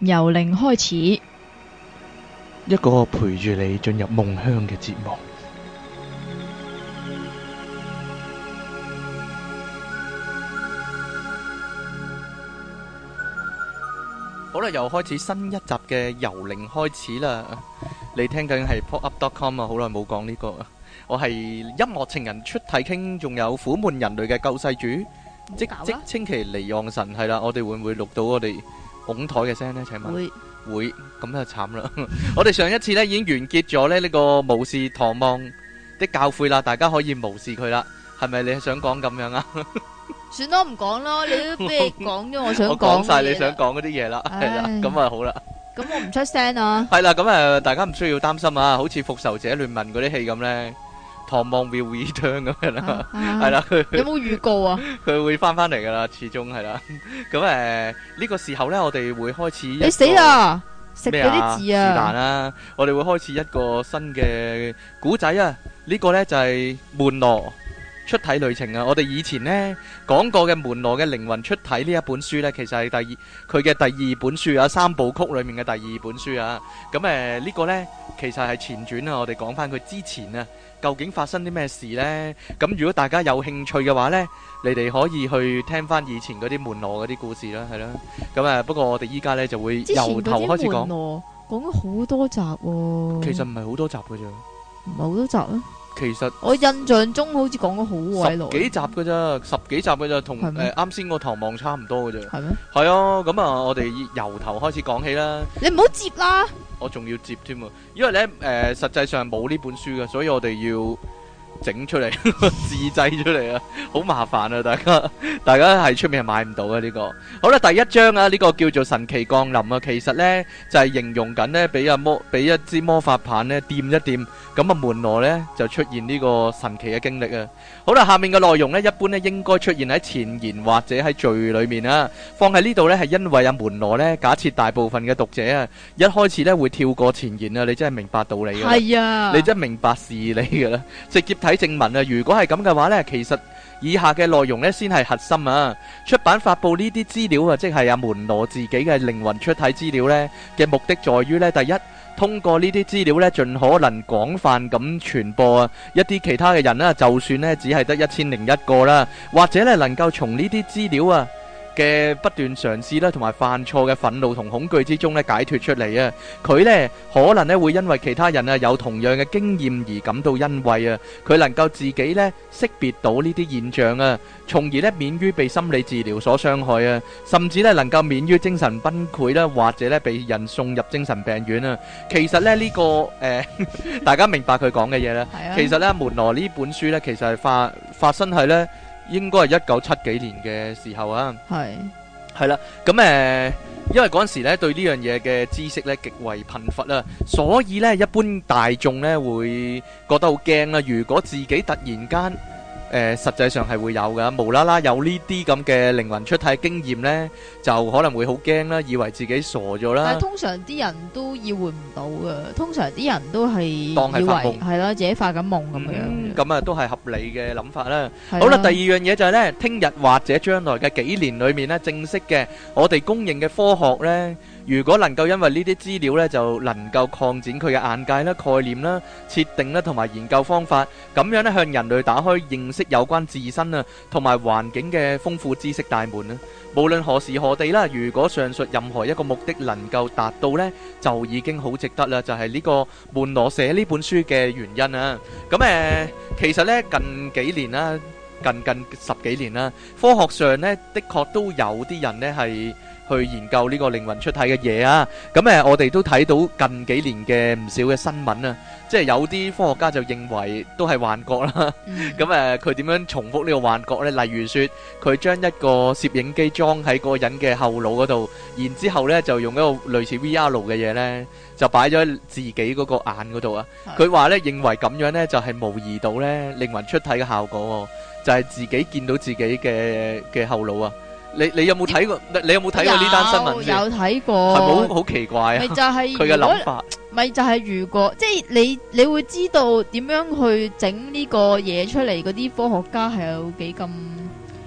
由零開始，一個陪住你進入夢鄉嘅節目。好啦，又開始新一集嘅由零開始啦。你聽緊係 popup.com 啊，好耐冇講呢個。我係音樂情人出體傾，仲有苦悶人類嘅救世主，即即稱其離岸神係啦。我哋會唔會錄到我哋？拱檯嘅聲咧，請問會會咁就慘啦！ 我哋上一次咧已經完結咗咧，呢個無視唐望的教誨啦，大家可以無視佢啦，係咪你想講咁樣啊？ 算啦，唔講啦，你都俾人講咗， 我想講晒你想講嗰啲嘢。啦，係啦唉，咁啊好啦，咁我唔出聲啊，係啦， 咁誒，大家唔需要擔心啊，好似復仇者聯盟嗰啲戲咁咧。唐望 will return 咁樣啦，係啦，有冇預告啊？佢會翻翻嚟噶啦，始終係啦。咁誒，呢個時候咧，我哋會開始。你死啦！食嗰啲字啊！是但啦，我哋會開始一個新嘅古仔啊！呢個咧就係門羅出體旅程啊！我哋以前咧講過嘅門羅嘅靈魂出體呢一本書咧，其實係第二，佢嘅第二本書啊，三部曲裏面嘅第二本書啊。咁誒，呢個咧其實係前傳啊，我哋講翻佢之前啊。究竟發生啲咩事咧？咁如果大家有興趣嘅話咧，你哋可以去聽翻以前嗰啲門羅嗰啲故事啦，係啦。咁啊，不過我哋依家咧就會由頭開始講。之前嗰啲門羅講咗好多集。其實唔係好多集嘅啫，唔係好多集啊。其實我印象中好似講咗好鬼耐。幾集嘅啫，十幾集嘅啫，同誒啱先個堂望差唔多嘅啫。係咩？係啊，咁啊，我哋由頭開始講起啦。你唔好接啦。我仲要接添啊，因為咧誒、呃，實際上冇呢本書嘅，所以我哋要。整出嚟， 自製出嚟啊！好麻煩啊，大家，大家喺出面係買唔到啊呢、這個。好啦，第一章啊，呢、這個叫做神奇降臨啊。其實呢，就係、是、形容緊呢，俾阿魔，俾一支魔法棒呢掂一掂，咁啊門羅呢就出現呢個神奇嘅經歷啊。好啦，下面嘅內容呢，一般呢應該出現喺前言或者喺序裏面啊。放喺呢度呢，係因為阿、啊、門羅呢，假設大部分嘅讀者啊，一開始呢會跳過前言啊，你真係明白道理啊？係啊，你真係明白事理嘅啦，直接睇正文啊！如果係咁嘅話咧，其實以下嘅內容咧先係核心啊！出版發佈呢啲資料啊，即係阿門羅自己嘅靈魂出體資料咧嘅目的，在於咧，第一，通過呢啲資料咧，盡可能廣泛咁傳播啊！一啲其他嘅人啦，就算咧只係得一千零一個啦，或者咧能夠從呢啲資料啊。嘅不斷嘗試咧，同埋犯錯嘅憤怒同恐懼之中咧解脫出嚟啊！佢咧可能咧會因為其他人啊有同樣嘅經驗而感到欣慰啊！佢能夠自己咧識別到呢啲現象啊，從而咧免於被心理治療所傷害啊，甚至咧能夠免於精神崩潰啦，或者咧被人送入精神病院啊！其實咧呢個誒，大家明白佢講嘅嘢啦。係啊！其實咧門羅呢本書咧，其實係發發生係咧。應該係一九七幾年嘅時候啊，係係啦，咁 誒、 嗯，因為嗰陣時咧對呢樣嘢嘅知識咧極為貧乏啦、啊，所以咧一般大眾咧會覺得好驚啊！如果自己突然間。誒、呃，實際上係會有噶，無啦啦有呢啲咁嘅靈魂出體經驗呢，就可能會好驚啦，以為自己傻咗啦。但係通常啲人都意會唔到噶，通常啲人都係當係發夢，係啦，自己發緊夢咁樣。咁啊、嗯，都係合理嘅諗法啦。 好啦，啊、第二樣嘢就係呢，聽日或者將來嘅幾年裏面呢，正式嘅我哋公認嘅科學呢。如果能夠因為呢啲資料呢，就能夠擴展佢嘅眼界啦、概念啦、設定啦，同埋研究方法，咁樣呢向人類打開認識有關自身啊同埋環境嘅豐富知識大門啊！無論何時何地啦，如果上述任何一個目的能夠達到呢，就已經好值得啦！就係呢個門羅寫呢本書嘅原因啊！咁誒、呃，其實呢近幾年啦，近近十幾年啦，科學上呢，的確都有啲人呢係，去研究呢個靈魂出體嘅嘢啊！咁誒，我哋都睇到近幾年嘅唔少嘅新聞啊！即係有啲科學家就認為都係幻覺啦。咁誒，佢點樣重複呢個幻覺呢？例如說，佢將一個攝影機裝喺個人嘅後腦嗰度，然之後呢就用一個類似 VR 嘅嘢呢，就擺咗自己嗰個眼嗰度啊。佢話呢認為咁樣呢就係模擬到呢靈魂出體嘅效果，就係自己見到自己嘅嘅後腦啊。你你有冇睇過？你有冇睇過呢單有新聞？有睇過，係冇好奇怪啊！咪就係佢嘅諗法。咪就係如果，即係你你會知道點樣去整呢個嘢出嚟？嗰啲科學家係有幾咁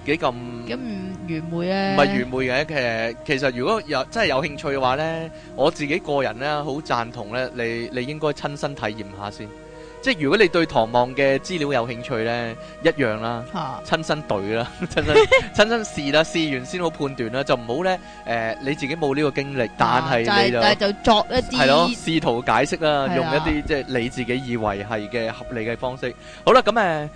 幾咁咁愚昧咧？唔係麼愚昧嘅。誒，其實如果有真係有興趣嘅話咧，我自己個人咧好贊同咧，你你應該親身體驗下先。即係如果你對唐望嘅資料有興趣呢，一樣啦，啊、親身對啦，親身 親身試啦，試完先好判斷啦，就唔好呢。誒、呃，你自己冇呢個經歷，但係你就作一啲係咯試圖解釋啦，的用一啲即係你自己以為係嘅合理嘅方式。好啦，咁誒。呃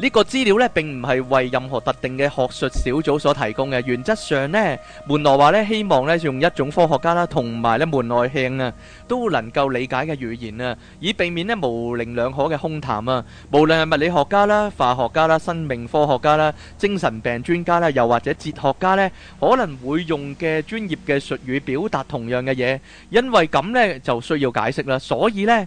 呢個資料咧並唔係為任何特定嘅學術小組所提供嘅。原則上咧，門羅話咧希望咧用一種科學家啦同埋咧門外漢啊都能夠理解嘅語言啊，以避免咧模棱兩可嘅空談啊。無論係物理學家啦、化學家啦、生命科學家啦、精神病專家啦，又或者哲學家咧，可能會用嘅專業嘅術語表達同樣嘅嘢，因為咁咧就需要解釋啦，所以咧。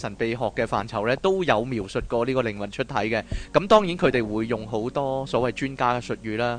神秘學嘅範疇咧，都有描述過呢個靈魂出體嘅。咁當然，佢哋會用好多所謂專家嘅術語啦。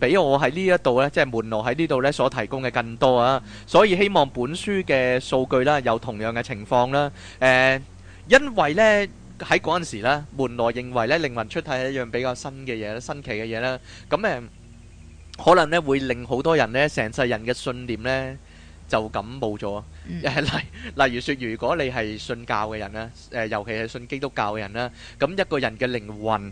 俾我喺呢一度咧，即係門羅喺呢度咧所提供嘅更多啊，所以希望本書嘅數據啦，有同樣嘅情況啦。誒，因為咧喺嗰陣時咧，門羅認為咧靈魂出體係一樣比較新嘅嘢啦，新奇嘅嘢啦，咁誒可能咧會令好多人咧成世人嘅信念咧就感冒咗。誒，例例如説，如果你係信教嘅人咧，誒，尤其係信基督教嘅人咧，咁一個人嘅靈魂。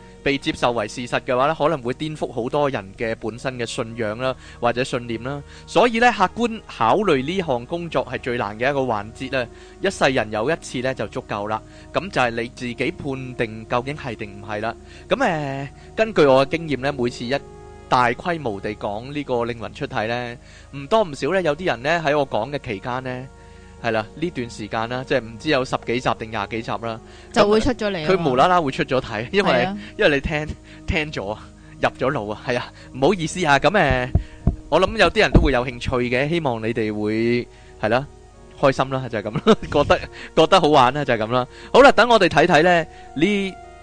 被接受為事實嘅話咧，可能會顛覆好多人嘅本身嘅信仰啦，或者信念啦。所以咧，客觀考慮呢項工作係最難嘅一個環節啦。一世人有一次咧就足夠啦。咁就係你自己判定究竟係定唔係啦。咁誒、呃，根據我嘅經驗咧，每次一大規模地講呢個靈魂出體咧，唔多唔少咧，有啲人咧喺我講嘅期間呢。係啦，呢段時間啦，即係唔知有十幾集定廿幾集啦，就會出咗嚟。佢無啦啦會出咗睇，因為的因為你聽聽咗，入咗腦啊。係啊，唔好意思啊。咁誒，我諗有啲人都會有興趣嘅，希望你哋會係啦，開心啦，就係咁啦， 覺得覺得好玩啦，就係咁啦。好啦，等我哋睇睇咧呢。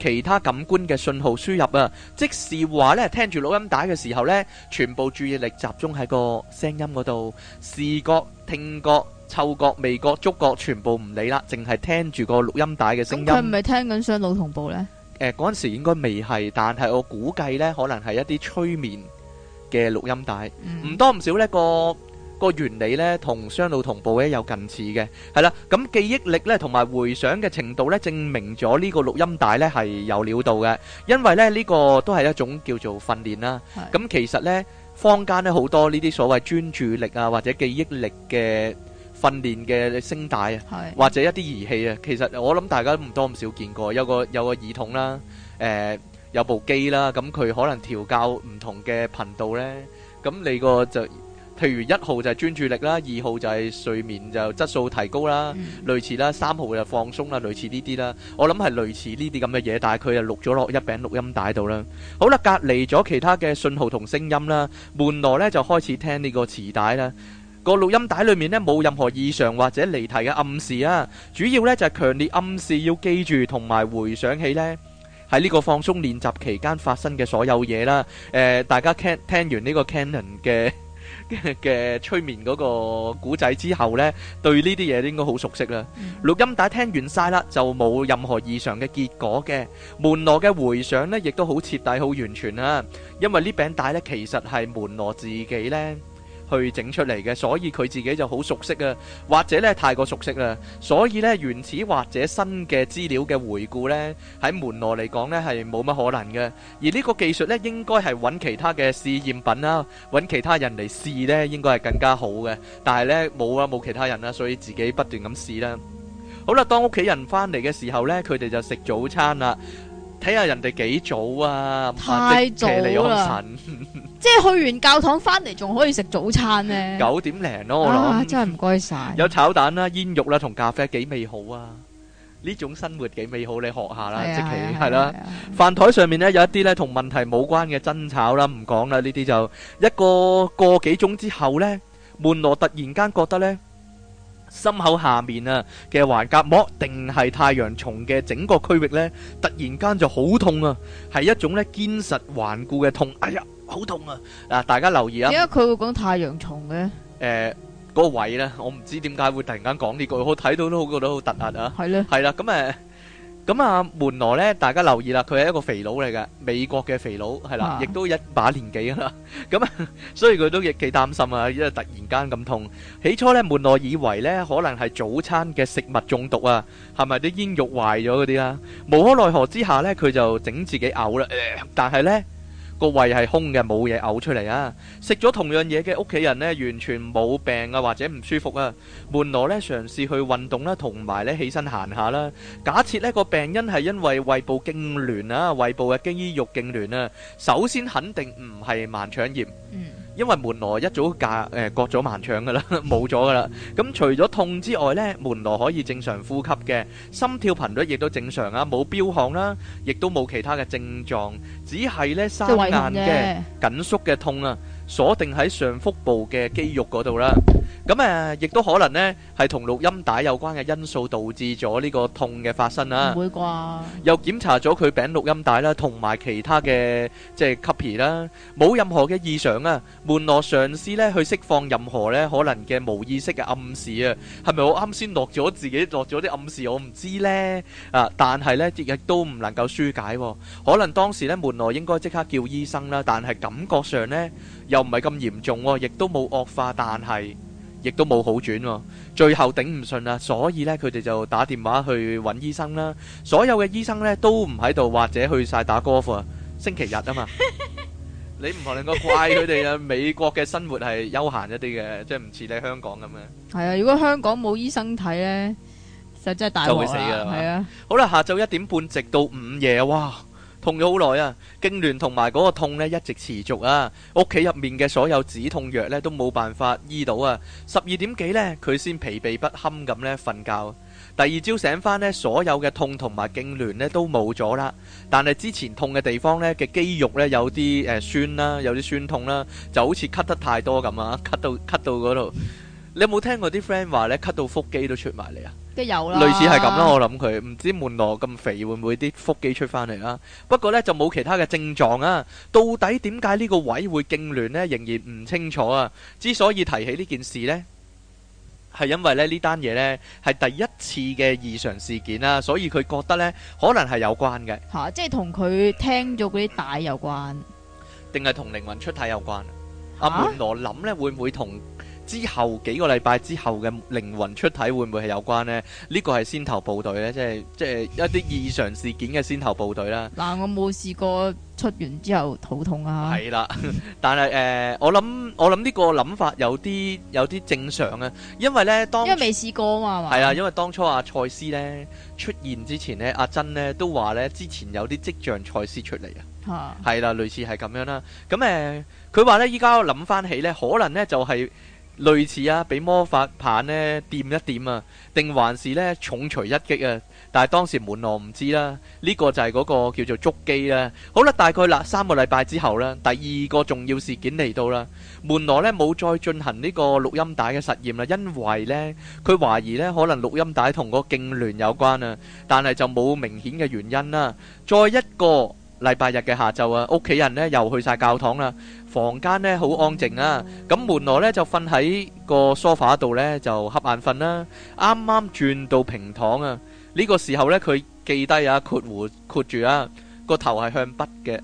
其他感官嘅信號輸入啊，即是話咧，聽住錄音帶嘅時候咧，全部注意力集中喺個聲音嗰度，視覺、聽覺、嗅覺、味覺、觸覺全部唔理啦，淨係聽住個錄音帶嘅聲音。咁佢唔係聽緊雙腦同步咧？誒，嗰陣時應該未係，但係我估計咧，可能係一啲催眠嘅錄音帶，唔多唔少，嗯，咧個。個原理咧同雙腦同步咧有近似嘅，係啦。咁記憶力咧同埋回想嘅程度咧，證明咗呢個錄音帶咧係有料到嘅。因為咧呢個都係一種叫做訓練啦。咁其實咧坊間咧好多呢啲所謂專注力啊或者記憶力嘅訓練嘅聲帶啊，或者一啲儀器啊，其實我諗大家都唔多唔少見過，有個有個耳筒啦，誒有部機啦，咁佢可能調校唔同嘅頻道咧，咁你個就。譬如一號就係專注力啦，二號就係睡眠就質素提高啦，類似啦，三號就放鬆啦，類似呢啲啦。我諗係類似呢啲咁嘅嘢，但係佢就錄咗落一餅錄音帶度啦。好啦，隔離咗其他嘅信號同聲音啦，門羅咧就開始聽呢個磁帶啦。個錄音帶裡面咧冇任何異常或者離題嘅暗示啊，主要咧就係強烈暗示要記住同埋回想起咧喺呢個放鬆練習期間發生嘅所有嘢啦。誒，大家聽聽完呢個 Canon 嘅。嘅 催眠嗰個古仔之後呢，對呢啲嘢應該好熟悉啦。錄、嗯、音帶聽完晒啦，就冇任何異常嘅結果嘅。門羅嘅回想呢，亦都好徹底、好完全啊。因為呢餅帶呢，其實係門羅自己呢。去整出嚟嘅，所以佢自己就好熟悉啊，或者咧太過熟悉啦，所以呢，原始或者新嘅資料嘅回顧呢，喺門羅嚟講呢，係冇乜可能嘅。而呢個技術呢，應該係揾其他嘅試驗品啦，揾其他人嚟試呢，應該係更加好嘅。但係呢，冇啊冇其他人啦，所以自己不斷咁試啦。好啦，當屋企人翻嚟嘅時候呢，佢哋就食早餐啦。睇下人哋幾早啊！太早啦，即係去完教堂翻嚟仲可以食早餐咧，九點零咯。我諗啊，真係唔該晒有炒蛋啦、煙肉啦同咖啡，幾美好啊！呢種生活幾美好，你學下啦，即係，係啦。飯台上面咧有一啲咧同問題冇關嘅爭吵啦，唔講啦。呢啲就一個個幾鐘之後咧，門羅突然間覺得咧。心口下面啊嘅橫膈膜，定係太陽叢嘅整個區域咧？突然間就好痛啊！係一種咧堅實頑固嘅痛。哎呀，好痛啊！嗱，大家留意啊。點解佢會講太陽叢嘅？誒、呃，嗰、那個位咧，我唔知點解會突然間講呢句，我睇到都好覺得好突兀啊！係咧、嗯，係啦，咁誒。嗯咁、嗯、啊，門羅咧，大家留意啦，佢係一個肥佬嚟嘅，美國嘅肥佬係啦，亦、啊、都一把年紀㗎啦。咁、嗯、啊，所以佢都亦幾擔心啊，因為突然間咁痛。起初咧，門羅以為咧可能係早餐嘅食物中毒啊，係咪啲煙肉壞咗嗰啲啊？無可奈何之下咧，佢就整自己嘔啦、呃。但係咧，個胃係空嘅，冇嘢嘔出嚟啊！食咗同樣嘢嘅屋企人呢，完全冇病啊，或者唔舒服啊。門羅呢，嘗試去運動啦、啊，同埋呢起身行下啦、啊。假設呢個病因係因為胃部痙攣啊，胃部嘅肌肉痙攣啊，首先肯定唔係盲腸炎。嗯因為門羅一早架誒、呃、割咗盲腸㗎啦，冇咗㗎啦。咁除咗痛之外咧，門羅可以正常呼吸嘅，心跳頻率亦都正常啊，冇飆亢啦，亦都冇其他嘅症狀，只係咧生硬嘅緊縮嘅痛啊。鎖定喺上腹部嘅肌肉嗰度啦，咁誒亦都可能咧係同錄音帶有關嘅因素導致咗呢個痛嘅發生啦。唔會啩？又檢查咗佢餅錄音帶啦，同埋其他嘅即係 copy 啦，冇任何嘅異常啊！門羅嘗試咧去釋放任何咧可能嘅無意識嘅暗示啊，係咪我啱先落咗自己落咗啲暗示我唔知咧啊？但係咧亦亦都唔能夠紓解喎，可能當時咧門羅應該即刻叫醫生啦，但係感覺上咧。又唔係咁嚴重，亦都冇惡化，但係亦都冇好轉。最後頂唔順啦，所以咧佢哋就打電話去揾醫生啦。所有嘅醫生咧都唔喺度，或者去曬打 Golf 啊，星期日啊嘛。你唔可能夠怪佢哋啊！美國嘅生活係悠閒一啲嘅，即係唔似你香港咁樣。係啊，如果香港冇醫生睇咧，就真係大會死㗎。係啊，好啦，下晝一點半直到午夜，哇！痛咗好耐啊，痙攣同埋嗰個痛咧一直持續啊，屋企入面嘅所有止痛藥咧都冇辦法醫到啊。十二點幾咧佢先疲憊不堪咁咧瞓覺，第二朝醒翻咧所有嘅痛同埋痙攣咧都冇咗啦，但係之前痛嘅地方咧嘅肌肉咧有啲誒酸啦，有啲酸痛啦，就好似咳得太多咁啊，咳到咳到嗰度，你有冇聽過啲 friend 話咧咳到腹肌都出埋嚟啊？類似係咁咯，我諗佢唔知門羅咁肥會唔會啲腹肌出翻嚟啦？不過咧就冇其他嘅症狀啊！到底點解呢個位會痙攣咧？仍然唔清楚啊！之所以提起呢件事咧，係因為咧呢單嘢咧係第一次嘅異常事件啦，所以佢覺得咧可能係有關嘅。吓，即係同佢聽咗嗰啲帶有關，定係同靈魂出體有關？阿門羅諗咧會唔會同？之後幾個禮拜之後嘅靈魂出體會唔會係有關呢？呢個係先頭部隊咧，即係即係一啲異常事件嘅先頭部隊啦。嗱，我冇試過出完之後肚痛啊。係啦，但係誒，我諗我諗呢個諗法有啲有啲正常啊，因為咧當因為未試過嘛，係嘛。係 啊，因為當初阿賽斯咧出現之前咧，啊，阿珍咧都話咧之前有啲跡象賽斯出嚟 啊。係啦，類似係咁樣啦，啊。咁誒，佢、呃、話呢，依家諗翻起呢，可能呢就係，是。類似啊，俾魔法棒咧掂一掂啊，定還是咧重錘一擊啊？但係當時門羅唔知啦，呢個就係嗰個叫做捉機啦。好啦，大概啦，三個禮拜之後啦，第二個重要事件嚟到啦。門羅咧冇再進行呢個錄音帶嘅實驗啦，因為咧佢懷疑咧可能錄音帶同個痙攣有關啊，但係就冇明顯嘅原因啦。再一個。禮拜日嘅下晝啊，屋企人呢又去晒教堂啦、啊，房間呢好安靜啊，咁、嗯啊、門羅呢就瞓喺個梳化度呢，就瞌眼瞓啦、啊，啱啱轉到平躺啊，呢、這個時候呢，佢記低啊括弧括住啊個頭係向北嘅，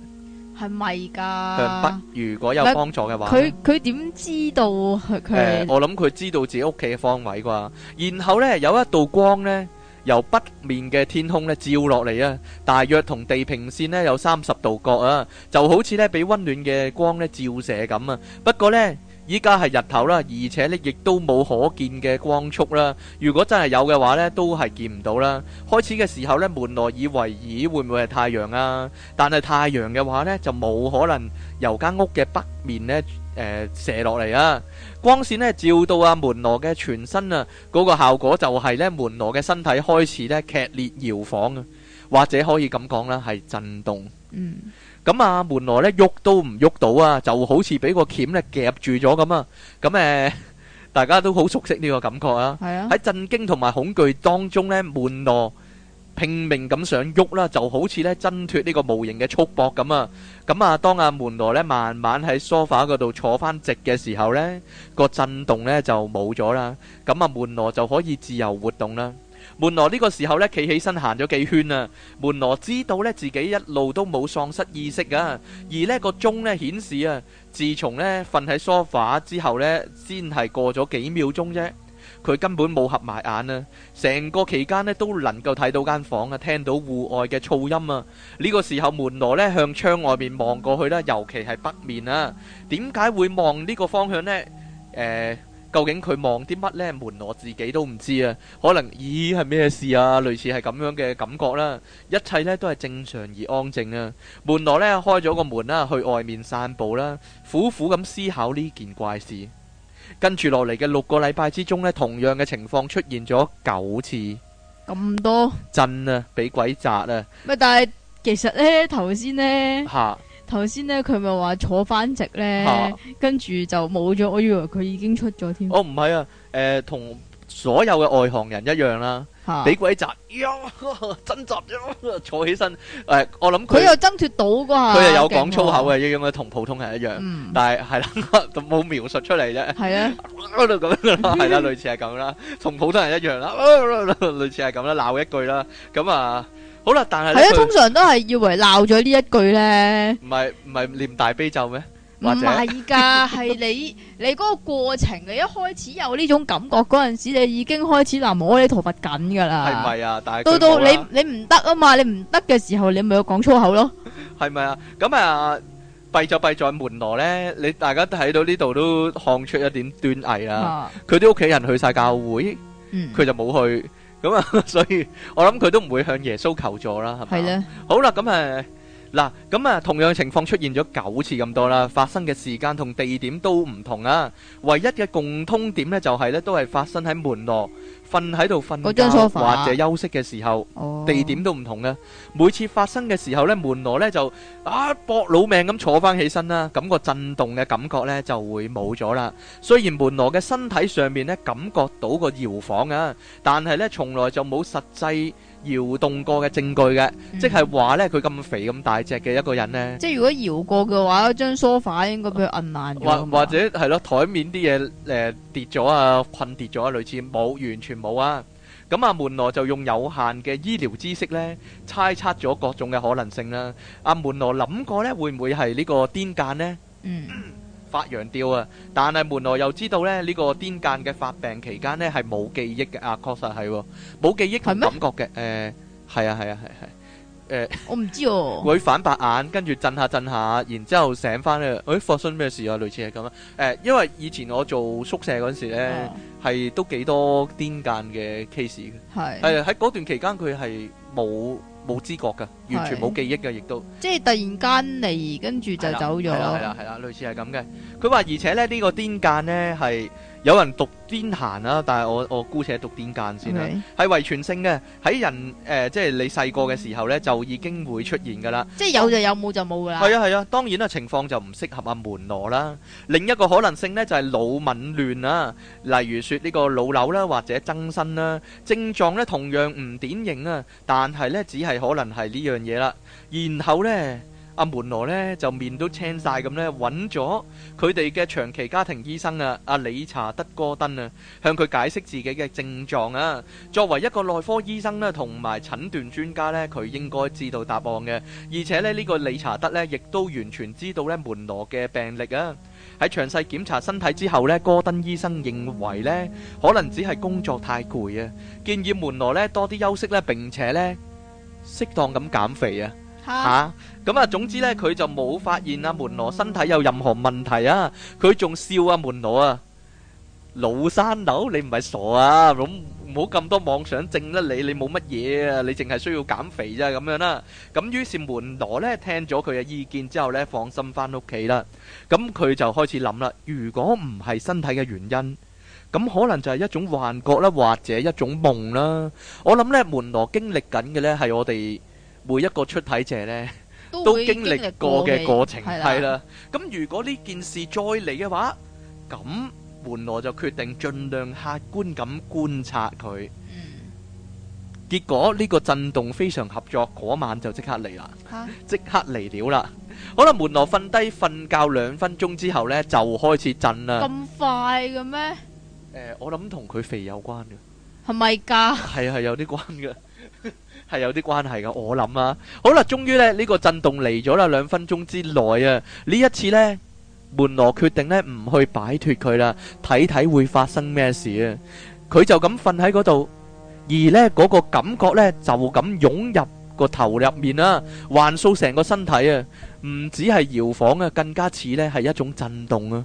係咪㗎？向北如果有幫助嘅話，佢佢點知道佢、呃？我諗佢知道自己屋企嘅方位啩，然後呢，有一道光呢。由北面嘅天空咧照落嚟啊，大約同地平線呢有三十度角啊，就好似呢俾温暖嘅光咧照射咁啊。不過呢，依家係日頭啦，而且呢亦都冇可見嘅光束啦。如果真係有嘅話呢，都係見唔到啦。開始嘅時候呢，門羅以為咦會唔會係太陽啊？但係太陽嘅話呢，就冇可能由間屋嘅北面呢誒、呃、射落嚟啊。光線咧照到阿、啊、門羅嘅全身啊，嗰、那個效果就係咧，門羅嘅身體開始咧劇烈搖晃啊，或者可以咁講啦，係震動。嗯，咁阿、啊、門羅咧喐都唔喐到啊，就好似俾個鉗咧夾住咗咁啊。咁誒、啊，大家都好熟悉呢個感覺啊。係啊，喺震驚同埋恐懼當中咧，門羅，拼命咁想喐啦，就好似咧掙脫呢個無形嘅束縛咁啊！咁啊，當阿門羅咧慢慢喺梳化嗰度坐翻直嘅時候呢，個震動咧就冇咗啦。咁啊，門羅就可以自由活動啦。門羅呢個時候咧企起身行咗幾圈啊。門羅知道咧自己一路都冇喪失意識啊。而呢個鐘咧顯示啊，自從咧瞓喺梳化之後咧，先係過咗幾秒鐘啫。佢根本冇合埋眼啊，成個期間呢都能夠睇到間房啊，聽到戶外嘅噪音啊。呢個時候門羅呢向窗外面望過去啦，尤其係北面啊。點解會望呢個方向呢？誒，究竟佢望啲乜呢？門羅自己都唔知啊。可能，咦，係咩事啊？類似係咁樣嘅感覺啦。一切呢都係正常而安靜啊。門羅呢開咗個門啦，去外面散步啦，苦苦咁思考呢件怪事。跟住落嚟嘅六個禮拜之中呢，同樣嘅情況出現咗九次，咁多震啊，俾鬼砸啊！但係其實呢，頭先咧，頭先呢，佢咪話坐翻直呢，席呢哈 跟住就冇咗，我以為佢已經出咗添。哦，唔係啊，誒、呃，同所有嘅外行人一樣啦、啊。俾鬼扎，掙扎，坐起身。誒，我諗佢又掙脫到啩。佢又有講粗口嘅，應該同普通人一樣，但係係啦，就冇描述出嚟啫。係啊，喺度咁樣，係啦，類似係咁啦，同普通人一樣啦，類似係咁啦，鬧一句啦，咁啊，好啦，但係係啊，通常都係以為鬧咗呢一句咧，唔係唔係念大悲咒咩？唔係噶，係 你你嗰個過程， 你一開始有呢種感覺嗰陣時，你已經開始嗱、啊、摸，摸你陀佛緊噶啦。係咪啊？到、啊、到你你唔得啊嘛，你唔得嘅時候，你咪要講粗口咯。係咪啊？咁啊，弊咗、弊在門羅咧。你大家睇到呢度都看出一點端倪啦。佢啲屋企人去晒教會，佢、嗯、就冇去。咁啊，所以我諗佢都唔會向耶穌求助啦。係咪、啊？係咧的。好啦、啊，咁誒、啊。嗱，咁啊，同樣情況出現咗九次咁多啦，發生嘅時間同地點都唔同啊。唯一嘅共通點呢，就呢，就係呢都係發生喺門羅瞓喺度瞓或者休息嘅時候，啊、地點都唔同啊。每次發生嘅時候呢，門羅呢就啊搏老命咁坐翻起身啦，咁個震動嘅感覺呢，就會冇咗啦。雖然門羅嘅身體上面呢，感覺到個搖晃啊，但係呢從來就冇實際。搖動過嘅證據嘅，即係話呢，佢咁肥咁大隻嘅一個人呢，嗯嗯。即係如果搖過嘅話，張梳化 f a 應該俾佢摁爛咗，或者係咯，台面啲嘢誒跌咗啊，困跌咗，類似冇完全冇啊。咁阿門羅就用有限嘅醫療知識呢，猜測咗各種嘅可能性啦，啊。阿，啊、門羅諗過呢，會唔會係呢個癲間呢？嗯。發羊吊啊！但係門羅又知道咧，呢個癲癇嘅發病期間咧係冇記憶嘅啊，確實係冇記憶係咩感覺嘅。誒，係啊係啊係係。誒，我唔知哦。佢反白眼，跟住震下震下，然之後醒翻啦。誒，發生咩事啊？類似係咁啊。誒，因為以前我做宿舍嗰時咧，係都幾多癲癇嘅 case 嘅。係。係喺嗰段期間佢係冇。冇知覺㗎，完全冇記憶㗎，亦都即係突然間嚟，跟住就走咗。係啦係啦係啦，類似係咁嘅。佢話，而且咧呢、呢個癲間咧係。有人讀癲癇啦，但係我我姑且讀癲間先啦，係遺傳性嘅，喺人誒即係你細個嘅時候咧，就已經會出現㗎啦。即係有就有，冇就冇㗎啦。係啊係啊，當然啦，情況就唔適合阿門羅啦。另一個可能性咧就係腦紊亂啦，例如説呢個腦瘤啦或者增生啦，症狀咧同樣唔典型啊，但係咧只係可能係呢樣嘢啦。然後咧。阿、啊、門羅咧就面都青晒咁咧，搵咗佢哋嘅長期家庭醫生啊，阿、啊、理查德戈登啊，向佢解釋自己嘅症狀啊。作為一個內科醫生呢，同埋診斷專家呢，佢應該知道答案嘅。而且呢，呢、這個理查德呢亦都完全知道呢門羅嘅病歷啊。喺詳細檢查身體之後呢，戈登醫生認為呢可能只係工作太攰啊，建議門羅呢多啲休息呢，並且呢適當咁減肥啊。吓咁啊、嗯！總之呢，佢就冇發現阿、啊、門羅身體有任何問題啊！佢仲笑阿、啊、門羅啊，老山樓，你唔係傻啊，咁唔好咁多妄想症啦！你你冇乜嘢啊，你淨係需要減肥啫咁樣啦。咁於是門羅呢聽咗佢嘅意見之後呢，放心翻屋企啦。咁、嗯、佢就開始諗啦，如果唔係身體嘅原因，咁、嗯、可能就係一種幻覺啦，或者一種夢啦。我諗呢門羅經歷緊嘅呢係我哋。每一個出體者呢，都經歷過嘅過程係啦。咁如果呢件事再嚟嘅話，咁門羅就決定盡量客觀咁觀察佢。嗯。結果呢個震動非常合作，嗰晚就即刻嚟啦，吓，即刻嚟料啦。好啦，門羅瞓低瞓覺兩分鐘之後呢，就開始震啦。咁快嘅咩？誒，我諗同佢肥有關嘅。係咪噶？係啊，係有啲關嘅。係有啲關係嘅，我諗啊，好啦，終於咧呢個震動嚟咗啦，兩分鐘之內啊，呢一次呢，門羅決定呢唔去擺脫佢啦，睇睇會發生咩事啊，佢就咁瞓喺嗰度，而呢嗰個感覺呢，就咁湧入個頭入面啦，啊，橫掃成個身體啊，唔止係搖晃啊，更加似呢係一種震動啊。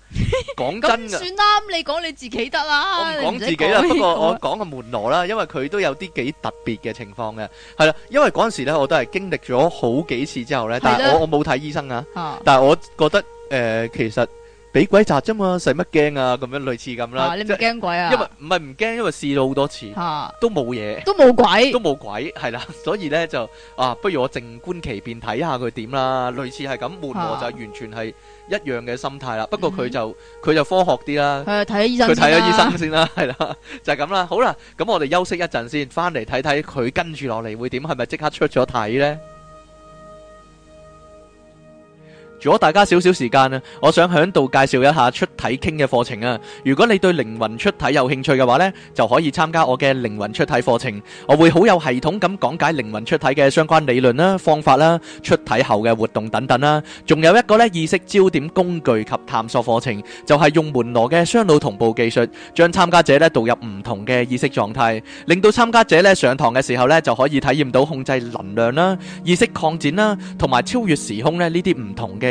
講 真噶的，算啱你講你自己得啦，我唔講自己啦。不，不過我講個門羅啦，因為佢都有啲幾特別嘅情況嘅，係啦。因為嗰陣時咧，我都係經歷咗好幾次之後咧，但係我的我冇睇醫生啊，啊但係我覺得誒、呃，其實。俾鬼扎啫嘛，使乜驚啊？咁樣類似咁啦，你唔驚鬼啊？因為唔係唔驚，因為試咗好多次，都冇嘢，都冇鬼，都冇鬼，係啦。所以咧就啊，不如我靜觀其變，睇下佢點啦。類似係咁，悶我就完全係一樣嘅心態啦。不過佢就佢就科學啲啦。係啊，睇醫生，佢睇咗醫生先啦，係啦，就係咁啦。好啦，咁我哋休息一陣先，翻嚟睇睇佢跟住落嚟會點，係咪即刻出咗體咧？如果大家少少時間啊，我想響度介紹一下出體傾嘅課程啊！如果你對靈魂出體有興趣嘅話咧，就可以參加我嘅靈魂出體課程。我會好有系統咁講解靈魂出體嘅相關理論啦、方法啦、出體後嘅活動等等啦。仲有一個咧意識焦點工具及探索課程，就係用門羅嘅雙腦同步技術，將參加者咧導入唔同嘅意識狀態，令到參加者咧上堂嘅時候咧就可以體驗到控制能量啦、意識擴展啦，同埋超越時空咧呢啲唔同嘅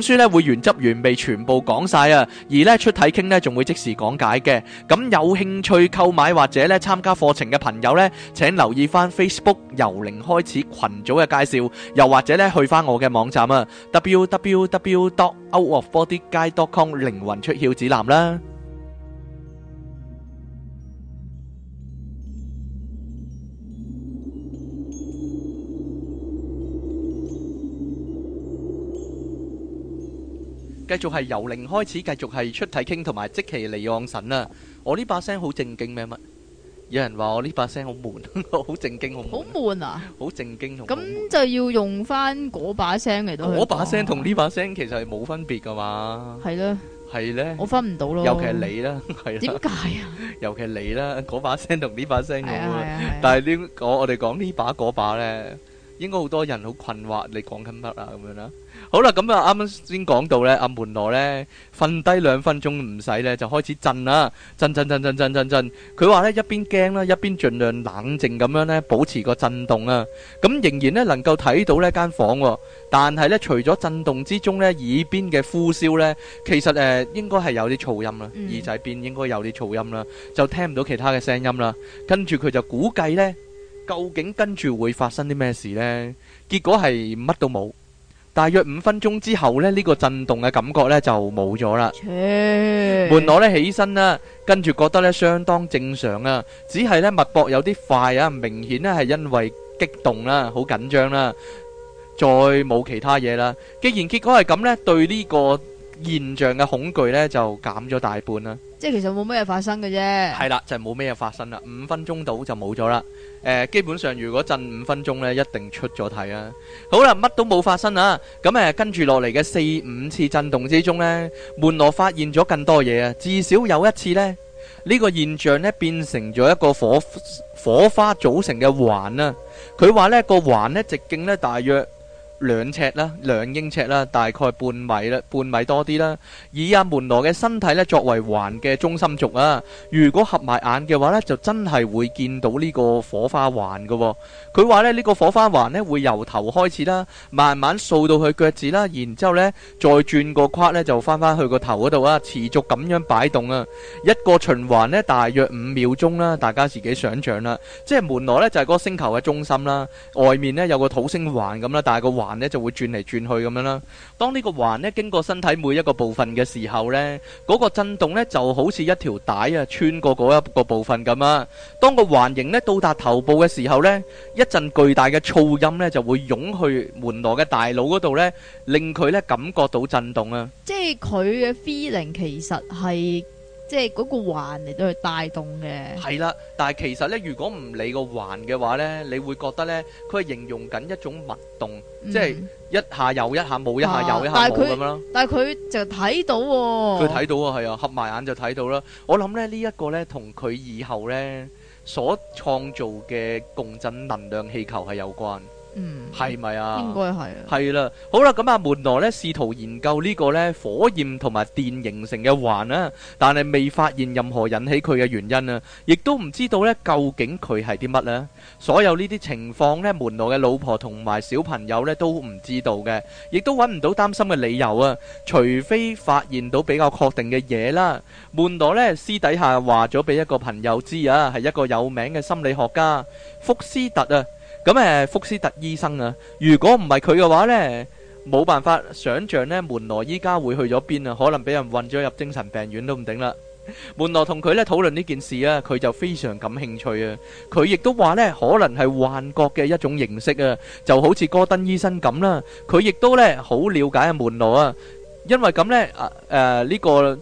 書咧會原汁原味全部講晒啊，而咧出體傾咧仲會即時講解嘅。咁有興趣購買或者咧參加課程嘅朋友咧，請留意翻 Facebook 由零開始群組嘅介紹，又或者咧去翻我嘅網站啊，www.outofbodyguide.com 靈魂出竅指南啦。繼續係由零開始，繼續係出體傾同埋即其離岸神啦。我呢把聲好正經咩乜？有人話我呢把聲好悶，好正經好悶？好悶啊！好正經同咁就要用翻嗰把聲嚟到。嗰把聲同呢把聲其實係冇分別噶嘛？係咯，係咧，我分唔到咯。尤其係你啦，係啦。點解啊？尤其係你啦，嗰把聲同呢把聲，但係呢我我哋講呢把嗰把咧，應該好多人好困惑，你講緊乜啊咁樣啦？好啦，咁啊，啱啱先講到呢，阿門羅呢瞓低兩分鐘唔使呢，就開始震啦，震震震震震震震。佢話呢一邊驚啦，一邊盡量冷靜咁樣呢，保持個震動啦。咁仍然呢能夠睇到呢間房，但係呢除咗震動之中呢耳邊嘅呼嘯呢，其實誒應該係有啲噪音啦，耳仔邊應該有啲噪音啦，就聽唔到其他嘅聲音啦。跟住佢就估計呢，究竟跟住會發生啲咩事呢？結果係乜都冇。大約五分鐘之後咧，呢個震動嘅感覺咧就冇咗啦。門羅咧起身啦，跟住覺得咧相當正常啊，只係咧脈搏有啲快啊，明顯咧係因為激動啦，好緊張啦，再冇其他嘢啦。既然結果係咁咧，對呢個現象嘅恐懼咧就減咗大半啦。即係其實冇咩嘢發生嘅啫。係啦，就冇咩嘢發生啦，五分鐘到就冇咗啦。誒基本上，如果震五分鐘咧，一定出咗體啦。好啦，乜都冇發生啊。咁誒，跟住落嚟嘅四五次震動之中咧，門羅發現咗更多嘢啊。至少有一次咧，呢個現象咧變成咗一個火火花組成嘅環啊。佢話咧個環咧直徑咧大約。兩尺啦，兩英尺啦，大概半米啦，半米多啲啦。以阿門羅嘅身體咧作為環嘅中心軸啊，如果合埋眼嘅話咧，就真係會見到呢個火花環噶。佢話咧呢個火花環咧會由頭開始啦，慢慢掃到佢腳趾啦，然之後咧再轉個框咧就翻翻去個頭嗰度啦，持續咁樣擺動啊，一個循環咧大約五秒鐘啦，大家自己想象啦。即係門羅咧就係嗰個星球嘅中心啦，外面咧有個土星環咁啦，但係個環。環咧就會轉嚟轉去咁樣啦。當呢個環咧經過身體每一個部分嘅時候呢，嗰、嗰個震動呢就好似一條帶啊穿過嗰一個部分咁啊。當個環形呢到達頭部嘅時候呢，一陣巨大嘅噪音，呢就會湧去門羅嘅大腦嗰度呢，令佢呢感覺到震動啊。即係佢嘅 feeling 其實係。即係嗰個環嚟到去帶動嘅，係啦。但係其實咧，如果唔理個環嘅話咧，你會覺得咧，佢係形容緊一種脈動，嗯、即係一下又一下冇，一下又一下冇咁咯。但係佢冒 樣就睇到、哦，佢睇到啊，係啊，合埋眼就睇到啦。我諗咧呢一、這個咧，同佢以後咧所創造嘅共振能量氣球係有關。嗯，係咪啊？應該係啊，係啦，好啦，咁啊，門羅呢，試圖研究呢個呢，火焰同埋電形成嘅環啦，但係未發現任何引起佢嘅原因啊，亦都唔知道呢，究竟佢係啲乜呢？所有呢啲情況呢，門羅嘅老婆同埋小朋友呢都唔知道嘅，亦都揾唔到擔心嘅理由啊，除非發現到比較確定嘅嘢啦。門羅呢，私底下話咗俾一個朋友知啊，係一個有名嘅心理學家，福斯特啊。咁誒，福斯特醫生啊，如果唔係佢嘅話咧，冇辦法想像咧，門羅依家會去咗邊啊？可能俾人混咗入精神病院都唔定啦。門羅同佢咧討論呢件事啊，佢就非常感興趣啊。佢亦都話咧，可能係幻覺嘅一種形式啊，就好似戈登醫生咁啦。佢亦都咧好了解啊，門羅啊，因為咁咧啊誒呢個。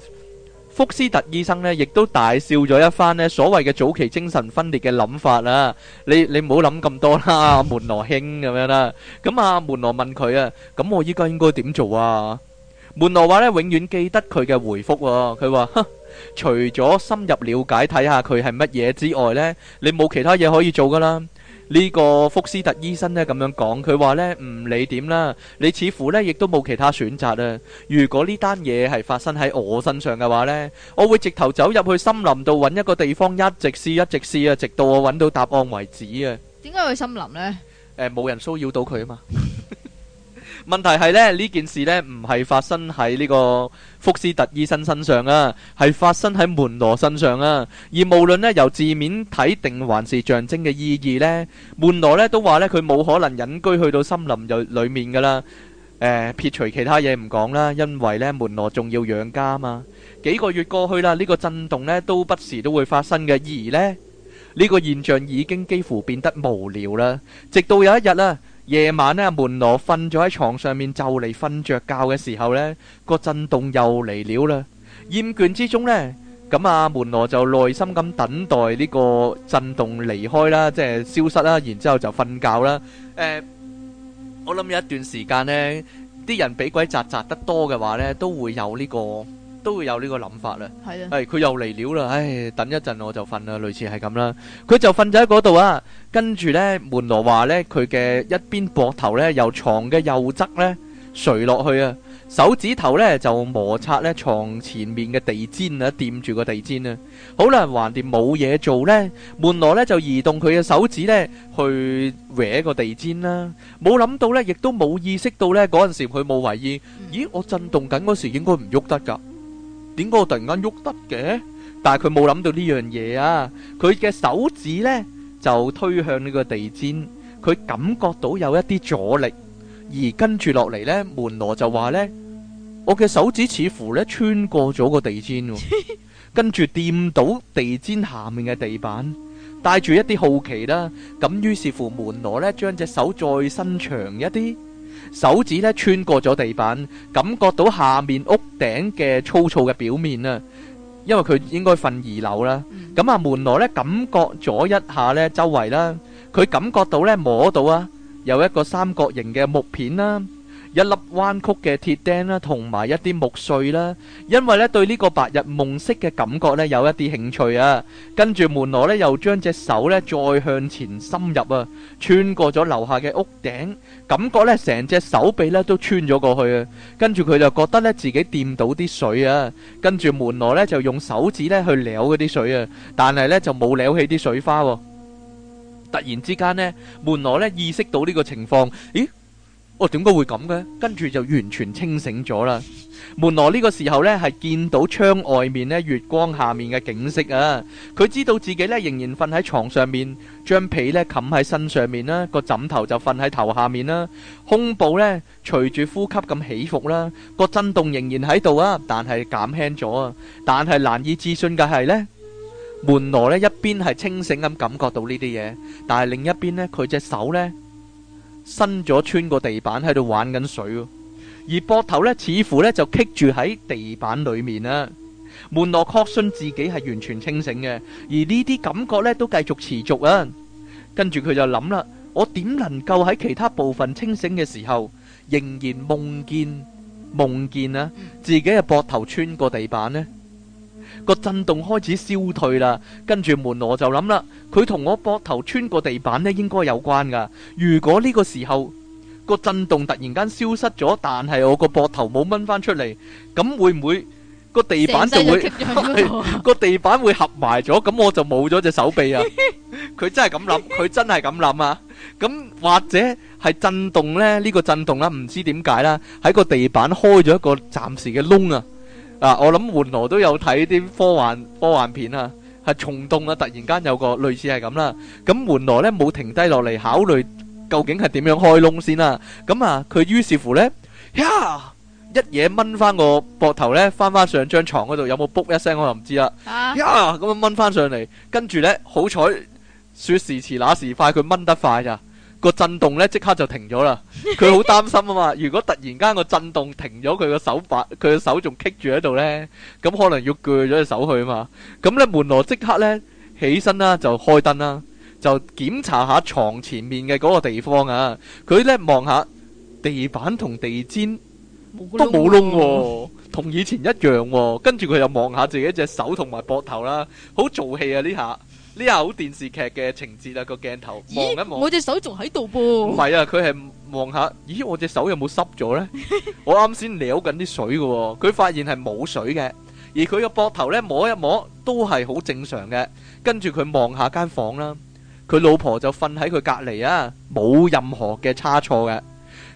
福斯特醫生呢，亦都大笑咗一番呢，所謂嘅早期精神分裂嘅諗法啦、啊。你你唔好諗咁多啦，門羅兄咁樣啦、啊。咁、嗯、啊，門羅問佢啊，咁、嗯、我依家應該點做啊？門羅話呢，永遠記得佢嘅回覆、啊。佢話：除咗深入了解睇下佢係乜嘢之外呢，你冇其他嘢可以做噶啦。呢個福斯特醫生呢，咁樣講，佢話呢：「唔理點啦，你似乎呢亦都冇其他選擇啦。如果呢單嘢係發生喺我身上嘅話呢，我會直頭走入去森林度揾一個地方，一直試一直試啊，直到我揾到答案為止啊。」點解去森林呢？冇人騷擾到佢啊嘛。問題係咧，呢件事呢，唔係發生喺呢個福斯特醫生身上啊，係發生喺門羅身上啊。而無論咧，由字面睇定還是象徵嘅意義呢，門羅呢都話呢，佢冇可能隱居去到森林就裏面噶啦，呃。撇除其他嘢唔講啦，因為呢門羅仲要養家嘛。幾個月過去啦，呢，呢個震動呢都不時都會發生嘅，而呢，呢，呢個現象已經幾乎變得無聊啦。直到有一日啦。夜晚咧，門羅瞓咗喺床上面就嚟瞓着覺嘅時候呢，震個震動又嚟了啦。厭倦之中呢，咁啊，門羅就耐心咁等待呢個震動離開啦，即係消失啦，然之後就瞓覺啦。誒、呃，我諗有一段時間呢，啲人俾鬼扎扎得多嘅話呢，都會有呢、這個。都會有呢個諗法啦，係佢又嚟料啦，唉，等一陣我就瞓啦，類似係咁啦。佢就瞓咗喺嗰度啊。跟住咧，門羅話咧，佢嘅一邊膊頭咧，由牀嘅右側咧垂落去啊，手指頭咧就摩擦咧牀前面嘅地氈啊，掂住個地氈啊。好啦，橫掂冇嘢做咧，門羅咧就移動佢嘅手指咧去搲個地氈啦。冇諗到咧，亦都冇意識到咧，嗰陣時佢冇懷疑，咦？我震動緊嗰時應該唔喐得㗎。點解我突然間喐得嘅？但係佢冇諗到呢樣嘢啊！佢嘅手指呢就推向呢個地氈，佢感覺到有一啲阻力，而跟住落嚟呢，門羅就話呢：我嘅手指似乎呢穿過咗個地氈，跟住掂到地氈下面嘅地板，帶住一啲好奇啦。咁於是乎，門羅呢將隻手再伸長一啲。手指咧，穿過咗地板，感覺到下面屋頂嘅粗糙嘅表面啊，因為佢應該瞓二樓啦。咁啊，門羅咧感覺咗一下咧周圍啦，佢感覺到咧摸到啊有一個三角形嘅木片啦。一粒彎曲嘅鐵釘啦，同埋一啲木碎啦，因為咧對呢個白日夢式嘅感覺咧有一啲興趣啊。跟住門羅咧又將隻手咧再向前深入啊，穿過咗樓下嘅屋頂，感覺咧成隻手臂咧都穿咗過去啊。跟住佢就覺得咧自己掂到啲水啊，跟住門羅咧就用手指咧去撩嗰啲水啊，但係咧就冇撩起啲水花。突然之間咧，門羅咧意識到呢個情況，咦？我點解會咁嘅？跟住就完全清醒咗啦。門羅呢個時候咧，係見到窗外面咧月光下面嘅景色啊。佢知道自己咧仍然瞓喺床上面，將被咧冚喺身上面啦，個枕頭就瞓喺頭下面啦，胸部咧隨住呼吸咁起伏啦，個震動仍然喺度啊，但係減輕咗啊。但係難以置信嘅係咧，門羅咧一邊係清醒咁感覺到呢啲嘢，但係另一邊咧佢隻手咧。伸咗穿個地板喺度玩緊水，而膊頭呢似乎呢就棘住喺地板裏面啦。門羅確信自己係完全清醒嘅，而呢啲感覺呢都繼續持續啊。跟住佢就諗啦，我點能夠喺其他部分清醒嘅時候，仍然夢見夢見啊自己嘅膊頭穿過地板呢？個震動開始消退啦，跟住門羅就諗啦，佢同我膊頭穿過地板呢應該有關㗎。如果呢個時候個震動突然間消失咗，但係我個膊頭冇掹返出嚟，咁會唔會個地板就會個地板會合埋咗，咁我就冇咗隻手臂呀？佢真係咁諗佢真係咁諗呀，咁或者係震動呢呢個震動呀，唔知點解啦，喺個地板開咗一個暫時嘅窿呀 然後我就沒有了手臂了, 嗱、啊，我諗門羅都有睇啲科幻科幻片啊，係蟲洞啊，突然間有個類似係咁啦。咁、啊、門羅咧冇停低落嚟考慮究竟係點樣開窿先啦。咁啊，佢、啊、於是乎咧，呀，一嘢掹翻個膊頭咧，翻翻上張床嗰度，有冇卜一聲我又唔知啦。呀、啊，咁、啊、樣掹翻上嚟，跟住咧好彩，説時遲那時快，佢掹得快咋。個震動咧即刻就停咗啦，佢好擔心啊嘛！如果突然間個震動停咗，佢個手把佢個手仲棘住喺度咧，咁可能要鋸咗隻手去啊嘛！咁咧門羅即刻咧起身啦，就開燈啦，就檢查下床前面嘅嗰個地方啊！佢咧望下地板同地氈都冇窿喎，同以前一樣喎。跟住佢又望下自己一隻手同埋膊頭啦，好做戲啊呢下！呢下好電視劇嘅情節啦，個鏡頭望一望，我隻手仲喺度噃。唔係啊，佢係望下，咦，我隻手有冇濕咗呢？我啱先撩緊啲水㗎，佢發現係冇水嘅，而佢個膊頭呢摸一摸都係好正常嘅。跟住佢望下間房啦，佢老婆就瞓喺佢隔籬啊，冇任何嘅差錯嘅。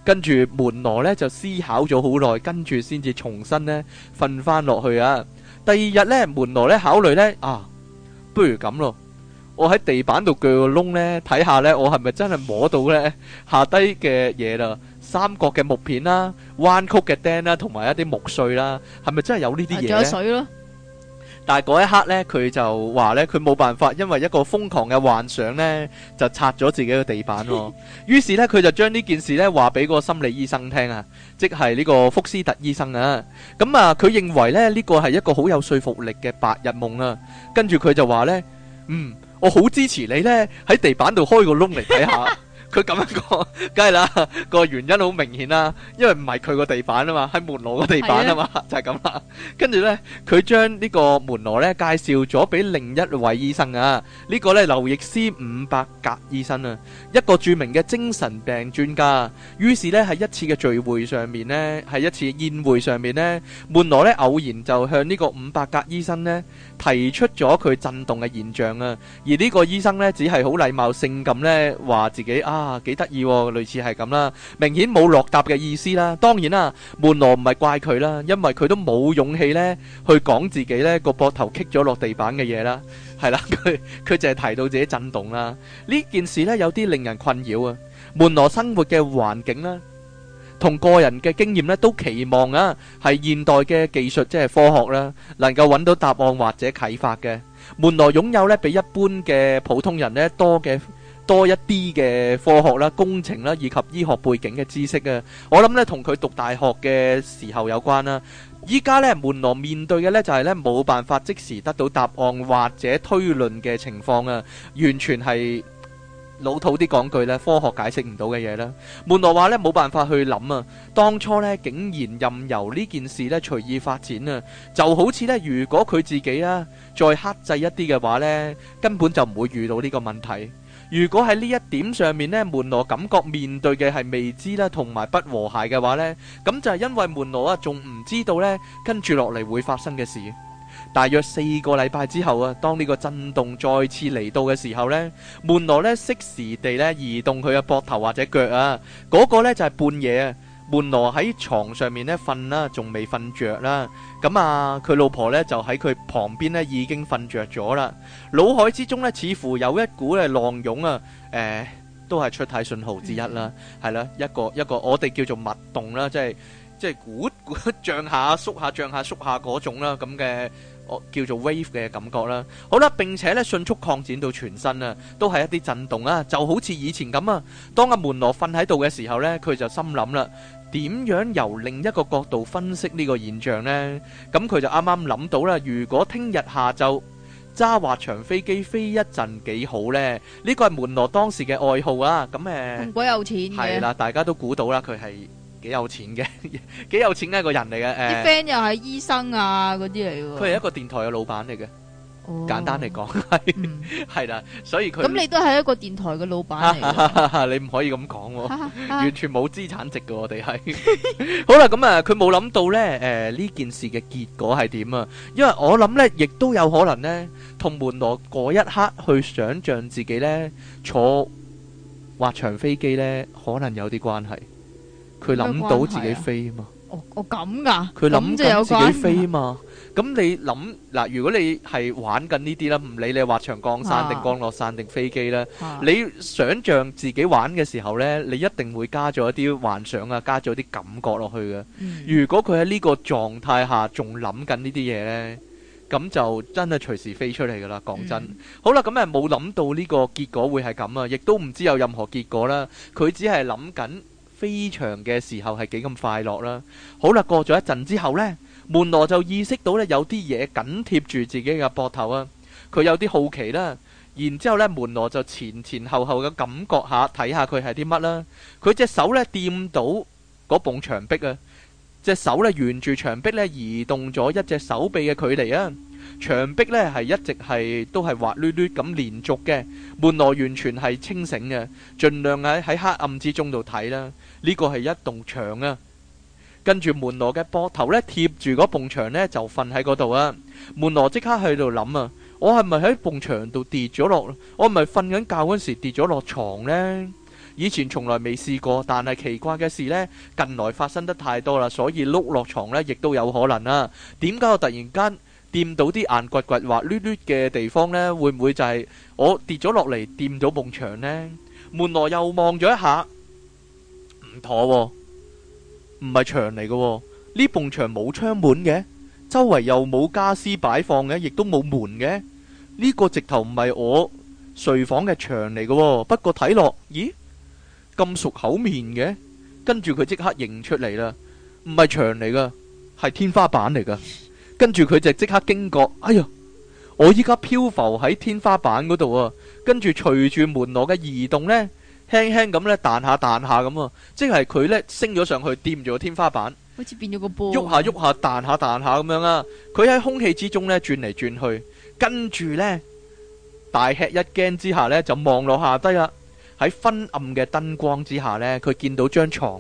跟住門羅呢就思考咗好耐，跟住先至重新呢瞓翻落去啊。第二日呢，門羅呢考慮呢啊，不如咁咯。我喺地板度鋸個窿咧，睇下咧，我係咪真係摸到咧下低嘅嘢啦？三角嘅木片啦，彎曲嘅釘啦，同埋一啲木碎啦，係咪真係有呢啲嘢？仲有水咯。但係嗰一刻咧，佢就話咧，佢冇辦法，因為一個瘋狂嘅幻想咧，就拆咗自己嘅地板。於是咧，佢就將呢件事咧話俾個心理醫生聽啊，即係呢個福斯特醫生啊。咁啊，佢認為咧呢個係一個好有說服力嘅白日夢啦。跟住佢就話咧，嗯。我好支持你呢，喺地板度開個窿嚟睇下。佢咁 樣講，梗係啦，個原因好明顯啦，啊，因為唔係佢個地板啊嘛，係門羅個地板啊嘛，嗯、就係咁啦。的跟住呢，佢將呢個門羅呢介紹咗俾另一位醫生啊，呢、這個呢，劉易斯五百格醫生啊，一個著名嘅精神病專家。於是呢，喺一次嘅聚會上面呢，喺一次宴會上面呢，門羅呢偶然就向呢個五百格醫生呢。提出咗佢震動嘅現象啊，而呢個醫生呢只係好禮貌性咁呢話自己啊幾得意類似係咁啦，明顯冇落搭嘅意思啦。當然啦，門羅唔係怪佢啦，因為佢都冇勇氣呢去講自己呢個膊頭棘咗落地板嘅嘢啦，係啦，佢佢就係提到自己震動啦，呢件事呢有啲令人困擾啊。門羅生活嘅環境啦。同個人嘅經驗咧，都期望啊，係現代嘅技術即係科學啦，能夠揾到答案或者啟發嘅。門羅擁有咧比一般嘅普通人咧多嘅多一啲嘅科學啦、工程啦以及醫學背景嘅知識啊。我諗咧同佢讀大學嘅時候有關啦、啊。依家咧門羅面對嘅咧就係咧冇辦法即時得到答案或者推論嘅情況啊，完全係。老土啲講句咧，科學解釋唔到嘅嘢咧。門羅話咧冇辦法去諗啊，當初咧竟然任由呢件事咧隨意發展啊，就好似咧如果佢自己啊再克制一啲嘅話咧，根本就唔會遇到呢個問題。如果喺呢一點上面咧，門羅感覺面對嘅係未知啦，同埋不和諧嘅話咧，咁就係因為門羅啊仲唔知道咧跟住落嚟會發生嘅事。大約四個禮拜之後啊，當呢個震動再次嚟到嘅時候呢，門羅呢，適時地呢移動佢嘅膊頭或者腳啊。嗰、那個咧就係、是、半夜啊，門羅喺床上面呢瞓啦，仲未瞓着啦。咁啊，佢、啊啊、老婆呢就喺佢旁邊呢已經瞓着咗啦。腦海之中呢，似乎有一股咧浪湧啊，誒、呃，都係出體信號之一啦，係、嗯、啦，一個一個我哋叫做脈動啦，即係即係鼓鼓漲下縮下漲下縮下嗰種啦咁嘅。叫做 wave 嘅感覺啦，好啦，並且咧迅速擴展到全身啊，都係一啲震動啊，就好似以前咁啊。當阿、啊、門羅瞓喺度嘅時候呢，佢就心諗啦，「點樣由另一個角度分析呢個現象呢？」咁佢就啱啱諗到啦。如果聽日下晝揸滑翔飛機飛一陣幾好呢，呢個係門羅當時嘅愛好啊。咁誒、啊，鬼有錢嘅，係啦，大家都估到啦，佢係。幾有錢嘅，幾有錢嘅一個人嚟嘅。啲 friend 又係醫生啊，嗰啲嚟嘅。佢係一個電台嘅老闆嚟嘅，哦、簡單嚟講係係啦。所以佢咁你都係一個電台嘅老闆嚟、啊啊啊。你唔可以咁講，啊啊、完全冇資產值嘅。我哋係 好啦，咁啊，佢冇諗到咧，誒呢件事嘅結果係點啊？因為我諗咧，亦都有可能咧，同門羅嗰一刻去想象自己咧坐滑翔飛機咧，可能有啲關係。佢諗到自己飛嘛？哦、啊，我咁噶？佢諗到自己飛嘛？咁你諗嗱，如果你係玩緊呢啲啦，唔理你係滑翔，降山定、啊、降落傘定飛機啦，啊、你想象自己玩嘅時候呢，你一定會加咗一啲幻想啊，加咗啲感覺落去嘅。嗯、如果佢喺呢個狀態下仲諗緊呢啲嘢呢，咁就真係隨時飛出嚟噶啦！講真，嗯、好啦，咁啊冇諗到呢個結果會係咁啊，亦都唔知有任何結果啦。佢只係諗緊。飛翔嘅時候係幾咁快樂啦。好啦，過咗一陣之後呢，門羅就意識到呢，有啲嘢緊貼住自己嘅膊頭啊。佢有啲好奇啦，然之後呢，門羅就前前後後嘅感覺下，睇下佢係啲乜啦。佢隻手呢掂到嗰埲牆壁啊，隻手呢沿住牆壁呢移動咗一隻手臂嘅距離啊。牆壁呢係一直係都係滑捋捋咁連續嘅。門羅完全係清醒嘅，盡量喺喺黑暗之中度睇啦。呢個係一棟牆啊！跟住門羅嘅膊頭呢，貼住嗰埲牆咧就瞓喺嗰度啊！門羅即刻喺度諗啊！我係咪喺埲牆度跌咗落？我係咪瞓緊覺嗰時跌咗落床呢？以前從來未試過，但係奇怪嘅事呢，近來發生得太多啦，所以碌落床呢，亦都有可能啊。點解我突然間掂到啲硬骨骨滑捋捋嘅地方呢？會唔會就係我跌咗落嚟掂到埲牆呢？門羅又望咗一下。妥唔係牆嚟嘅，呢埲牆冇窗門嘅，周圍又冇家私擺放嘅，亦都冇門嘅。呢個直頭唔係我睡房嘅牆嚟嘅，不過睇落，咦，咁熟口面嘅。跟住佢即刻認出嚟啦，唔係牆嚟噶係天花板嚟噶跟住佢就即刻驚覺，哎呀，我依家漂浮喺天花板嗰度啊，跟住隨住門羅嘅移動呢，輕輕咁咧彈下彈下咁啊，即係佢咧升咗上去掂住個天花板，好似變咗個波，喐下喐下彈下彈下咁樣啊！佢喺空氣之中咧轉嚟轉去，跟住咧大吃一驚之下咧就望落下低啦。喺昏暗嘅燈光之下咧，佢見到張床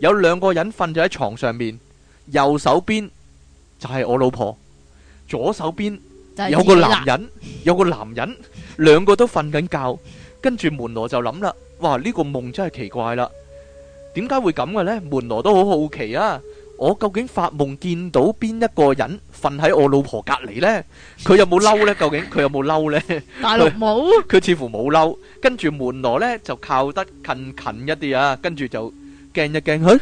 有兩個人瞓咗喺床上面，右手邊就係我老婆，左手邊有個男人，有個男人，兩個都瞓緊覺，跟住門羅就諗啦。哇！呢個夢真係奇怪啦，點解會咁嘅呢？門羅都好好奇啊！我究竟發夢見到邊一個人瞓喺我老婆隔離呢？佢有冇嬲呢？究竟佢有冇嬲呢？大陸冇，佢似乎冇嬲。跟住門羅呢就靠得近近一啲啊！跟住就驚一驚佢，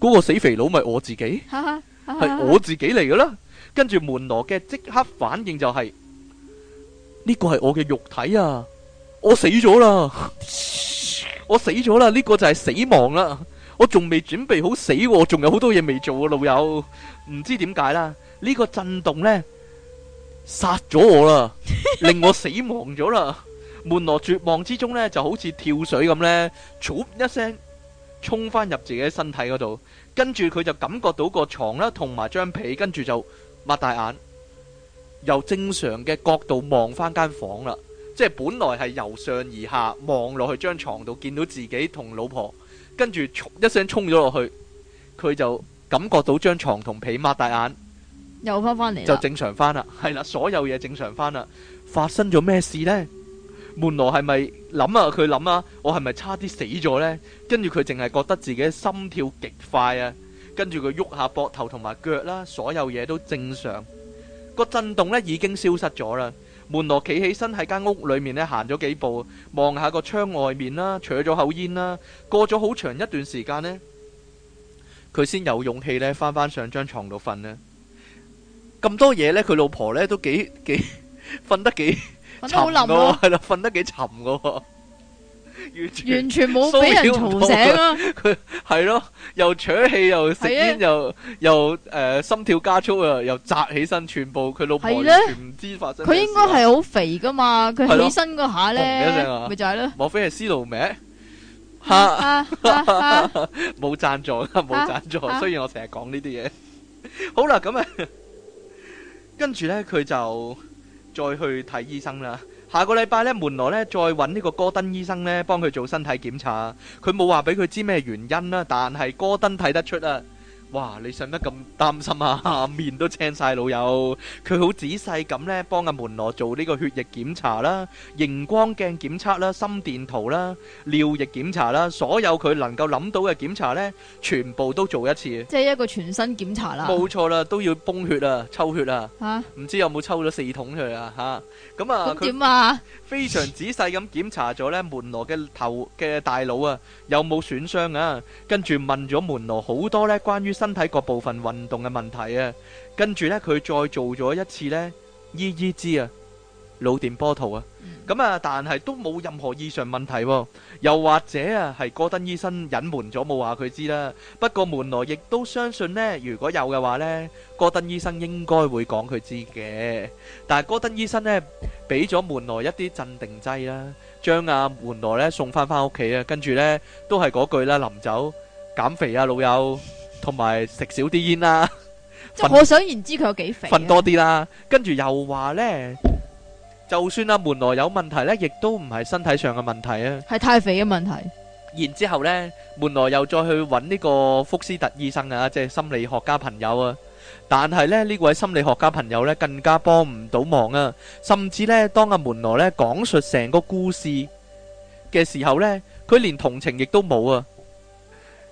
嗰個死肥佬咪我自己，係我自己嚟噶啦！跟住門羅嘅即刻反應就係呢個係我嘅肉體啊！我死咗啦！ 我死咗啦！呢、這個就係死亡啦！ 我仲未準備好死、啊，我仲有好多嘢未做啊！老友，唔知點解啦？呢、這個震動呢，殺咗我啦，令我死亡咗啦！門 羅絕望之中呢，就好似跳水咁呢，唰一聲衝翻入自己身體嗰度，跟住佢就感覺到個床啦，同埋張被，跟住就擘大眼，由正常嘅角度望翻間房啦。即係本來係由上而下望落去張床度，見到自己同老婆，跟住一聲沖咗落去，佢就感覺到張床同被，擘大眼，又翻翻嚟，就正常翻啦。係啦，所有嘢正常翻啦。發生咗咩事呢？門羅係咪諗啊？佢諗啊？我係咪差啲死咗呢？跟住佢淨係覺得自己心跳極快啊！跟住佢喐下膊頭同埋腳啦，所有嘢都正常。個震動呢，已經消失咗啦。門羅企起身喺間屋裏面咧，行咗幾步，望下個窗外面啦，扯咗口煙啦。過咗好長一段時間呢，佢先有勇氣呢翻返上張床度瞓咧。咁多嘢呢，佢老婆呢都幾幾瞓得幾呵呵瞓得沉喎，係咯、啊，瞓得幾沉噶。完全冇俾人嘈醒啊！佢係 咯，又搶氣，又食煙、啊，又又誒、呃、心跳加速啊，又扎起身，全部佢老婆完全唔知發生、啊。佢、啊、應該係好肥噶嘛，佢起身嗰下咧，咪、啊、就係咯。莫非係私路咩？哈！冇贊助噶，冇贊、 啊啊啊、 助。助啊啊、雖然我成日講呢啲嘢。 好啦，咁啊，跟住咧，佢就再去睇醫生啦。下個禮拜咧，門羅咧再搵呢個戈登醫生咧，幫佢做身體檢查。佢冇話俾佢知咩原因啦，但係戈登睇得出啊。哇！你使乜咁擔心啊？下面都青晒，老友。佢好仔細咁呢，幫阿、啊、門羅做呢個血液檢查啦、熒光鏡檢測啦、心電圖啦、尿液檢查啦，所有佢能夠諗到嘅檢查呢，全部都做一次。即係一個全身檢查啦。冇錯啦，都要泵血啊，抽血啊。嚇、啊！唔知有冇抽咗四桶出嚟啊？嚇！咁啊，佢、嗯、點啊？嗯、啊非常仔細咁檢查咗呢 門羅嘅頭嘅大腦啊，有冇損傷啊？跟住問咗門羅好多呢關於身體各部分運動嘅問題啊，跟住咧，佢再做咗一次咧，EEG 啊，腦電波圖啊，咁啊，但係都冇任何異常問題。又或者啊，係戈登醫生隱瞞咗，冇話佢知啦。不過門羅亦都相信咧，如果有嘅話咧，戈登醫生應該會講佢知嘅。但係戈登醫生咧，俾咗門羅一啲鎮定劑啦，將阿門羅咧送翻翻屋企啊，跟住咧都係嗰句啦，臨走減肥啊，老友。同埋食少啲煙、啊啊、啦，即係可想而知佢有幾肥，瞓多啲啦。跟住又話呢，就算阿門羅有問題呢，亦都唔係身體上嘅問題啊，係太肥嘅問題。然之後呢，門羅又再去揾呢個福斯特醫生啊，即係心理學家朋友啊。但係呢，呢位心理學家朋友呢，更加幫唔到忙啊。甚至呢，當阿門羅呢，講述成個故事嘅時候呢，佢連同情亦都冇啊。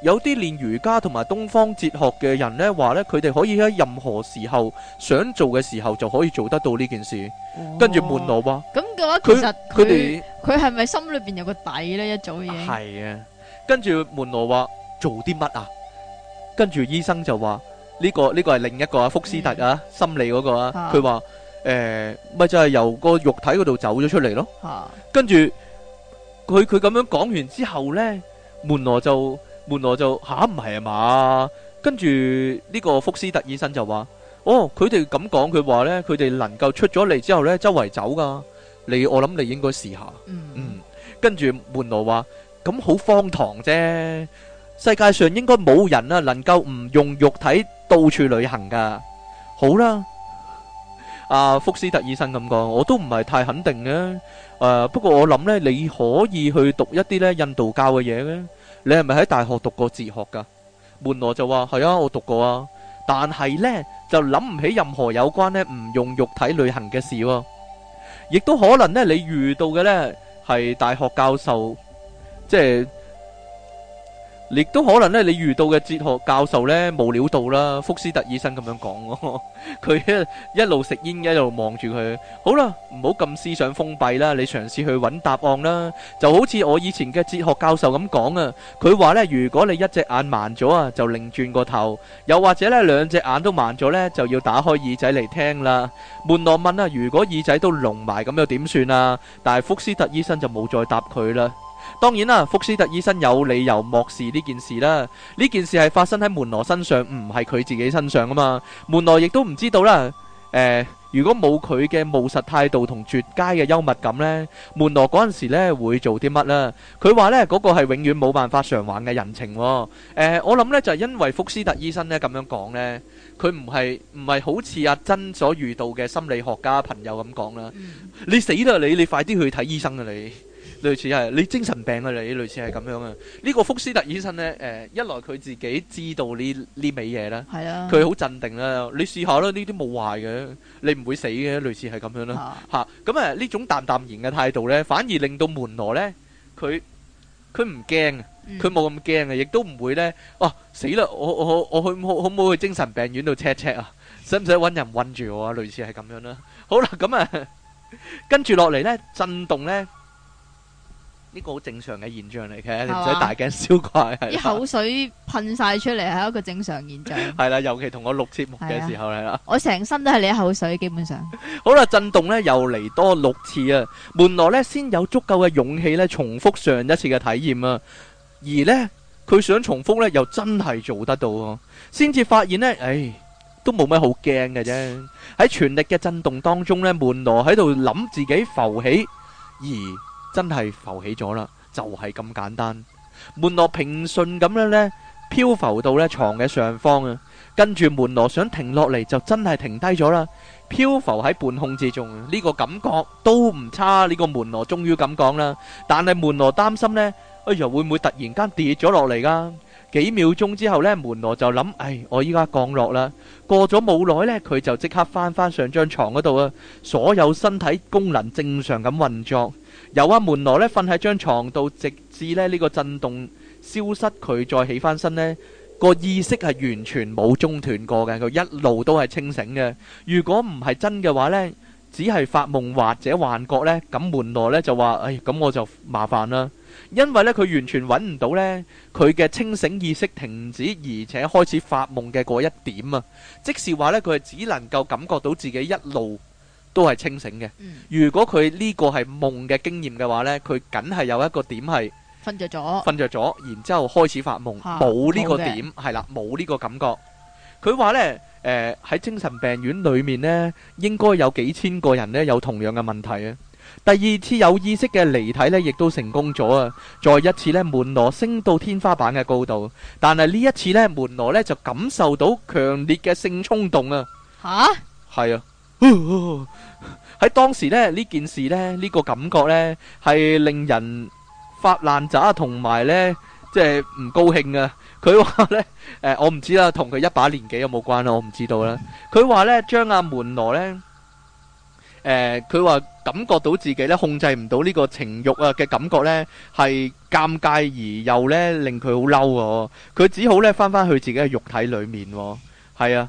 有啲練瑜伽同埋東方哲學嘅人呢，話呢，佢哋可以喺任何時候想做嘅時候就可以做得到呢件事。哦、跟住門羅話：咁嘅話，其實佢哋，佢係咪心裏邊有個底呢？一早已經係啊。跟住門羅話做啲乜啊？跟住醫生就話呢、呢個呢、呢個係另一個啊，福斯特啊，嗯、心理嗰個啊。佢話、啊：誒，咪、呃、就係由個肉體嗰度走咗出嚟咯。啊、跟住佢佢咁樣講完之後呢，門羅就。門羅就吓，唔係啊嘛，跟住呢個福斯特醫生就話：哦，佢哋咁講，佢話呢，佢哋能夠出咗嚟之後呢，周圍走噶。你，我諗你應該試下。嗯嗯。跟住門羅話：咁好荒唐啫，世界上應該冇人啊，能夠唔用肉體到處旅行噶。好啦，阿福斯特醫生咁講，我都唔係太肯定啊。誒，不過我諗呢，你可以去讀一啲呢印度教嘅嘢呢。你係咪喺大學讀過哲學㗎？門羅就話：係啊，我讀過啊，但係呢，就諗唔起任何有關呢唔用肉體旅行嘅事喎。哦。亦都可能呢，你遇到嘅呢係大學教授，即係。亦都可能咧，你遇到嘅哲學教授呢，冇料到啦，福斯特醫生咁樣講，佢一路食煙，一路望住佢。好啦，唔好咁思想封閉啦，你嘗試去揾答案啦。就好似我以前嘅哲學教授咁講啊，佢話呢，如果你一隻眼盲咗啊，就擰轉個頭；又或者呢，兩隻眼都盲咗呢，就要打開耳仔嚟聽啦。門羅問啊，如果耳仔都聾埋咁又點算啊？但係福斯特醫生就冇再答佢啦。當然啦，福斯特醫生有理由漠視呢件事啦。呢件事係發生喺門羅身上，唔係佢自己身上啊嘛。門羅亦都唔知道啦。誒、呃，如果冇佢嘅務實態度同絕佳嘅幽默感呢，門羅嗰陣時呢會做啲乜啦？佢話呢嗰、那個係永遠冇辦法償還嘅人情、啊。誒、呃，我諗呢就係、是、因為福斯特醫生呢咁樣講呢，佢唔係唔係好似阿珍所遇到嘅心理學家朋友咁講啦。 你死啦你，你快啲去睇醫生啊你！類似係你精神病啊！你類似係咁樣啊！呢、這個福斯特醫生咧，誒、呃，一來佢自己知道，道呢呢味嘢啦，係啊，佢好鎮定啦、啊。你試下啦，呢啲冇壞嘅，你唔會死嘅。類似係咁樣啦，吓，咁啊，呢、uh 啊、種淡淡然嘅態度咧，反而令到門羅咧，佢佢唔驚，佢冇咁驚啊，亦都唔會咧，哦，死啦！我我我去可可唔可以去精神病院度 check check 啊？使唔使揾人困住我啊？類似係咁樣啦、啊。好啦，咁啊，跟住落嚟咧，震動咧。呢個好正常嘅現象嚟嘅，你唔使大驚小怪。係啲口水噴晒出嚟，係一個正常現象。係啦，尤其同我錄節目嘅時候嚟啦，我成身都係你口水，基本上。好啦，震動咧又嚟多六次啊！門羅咧先有足夠嘅勇氣咧，重複上一次嘅體驗啊！而咧佢想重複咧，又真係做得到喎，先至發現咧，唉，都冇咩好驚嘅啫。喺全力嘅震動當中咧，門羅喺度諗自己浮起，而。真係浮起咗啦，就係咁簡單。門羅平順咁樣呢，漂浮到呢床嘅上方啊，跟住門羅想停落嚟，就真係停低咗啦。漂浮喺半空之中，呢個感覺都唔差。呢個門羅終於咁講啦，但係門羅擔心呢，哎呀，會唔會突然間跌咗落嚟噶？幾秒鐘之後呢，門羅就諗：唉，我依家降落啦。過咗冇耐呢，佢就即刻翻翻上張床嗰度啊。所有身體功能正常咁運作。由阿、啊、門羅咧瞓喺張床度，直至咧呢、這個震動消失，佢再起翻身呢、這個意識係完全冇中斷過嘅，佢一路都係清醒嘅。如果唔係真嘅話呢，只係發夢或者幻覺呢，咁門羅呢就話：唉、哎，咁我就麻煩啦。因為呢，佢完全揾唔到呢佢嘅清醒意識停止，而且開始發夢嘅嗰一點啊。即是話呢，佢係只能夠感覺到自己一路。都係清醒嘅。如果佢呢個係夢嘅經驗嘅話咧，佢梗係有一個點係瞓著咗，瞓著咗，然之後開始發夢，冇呢個點係啦，冇呢個感覺。佢話咧，誒，喺精神病院裏面咧，應該有幾千個人咧有同樣嘅問題啊。第二次有意識嘅離體咧，亦都成功咗啊！再一次咧，門羅升到天花板嘅高度，但係呢一次咧，門羅咧就感受到強烈嘅性衝動啊！吓係啊！喺當時咧，呢件事咧，呢個感覺咧，係令人發爛渣，同埋咧，即係唔高興啊！佢話咧，誒，我唔知啦，同佢一把年紀有冇關啦，我唔知道啦。佢話咧，將阿門羅咧，誒，佢話感覺到自己咧控制唔到呢個情欲啊嘅感覺咧，係尷尬而又咧令佢好嬲哦。佢只好咧返返去自己嘅肉體裏面，係啊。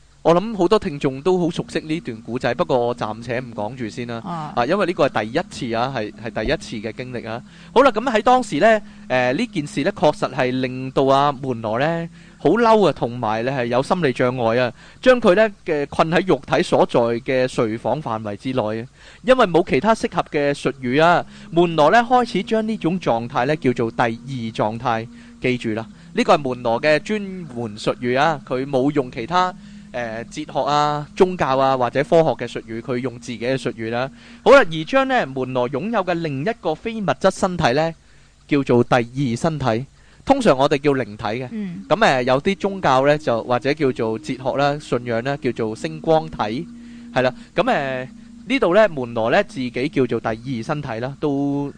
我諗好多聽眾都好熟悉呢段古仔，不過我暫且唔講住先啦啊，因為呢個係第一次啊，係係第一次嘅經歷啊。好啦，咁喺當時呢，誒呢件事呢確實係令到阿門羅呢好嬲啊，同埋呢係有心理障礙啊，將佢呢嘅困喺肉體所在嘅睡房範圍之內啊，因為冇其他適合嘅術語啊，門羅呢開始將呢種狀態呢叫做第二狀態。記住啦，呢個係門羅嘅專門術語啊，佢冇用其他。誒，哲學啊、宗教啊或者科學嘅術語，佢用自己嘅術語啦。好啦，而將咧門羅擁有嘅另一個非物質身體咧，叫做第二身體。通常我哋叫靈體嘅。咁誒，有啲宗教咧就或者叫做哲學啦、信仰咧叫做星光體，係啦。咁誒呢度咧門羅咧自己叫做第二身體啦，都。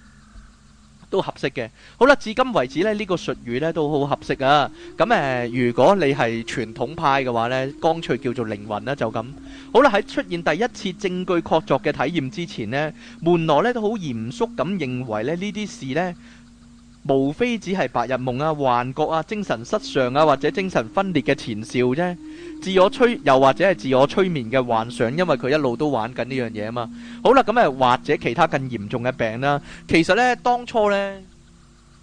都合適嘅好啦，至今為止咧呢、這個術語咧都好合適啊。咁誒、呃，如果你係傳統派嘅話呢乾脆叫做靈魂啦，就咁好啦。喺出現第一次證據確鑿嘅體驗之前呢門羅咧都好嚴肅咁認為咧呢啲事咧。無非只係白日夢啊、幻覺啊、精神失常啊，或者精神分裂嘅前兆啫。自我催又或者係自我催眠嘅幻想，因為佢一路都玩緊呢樣嘢啊嘛。好啦，咁啊，或者其他更嚴重嘅病啦。其實呢，當初呢，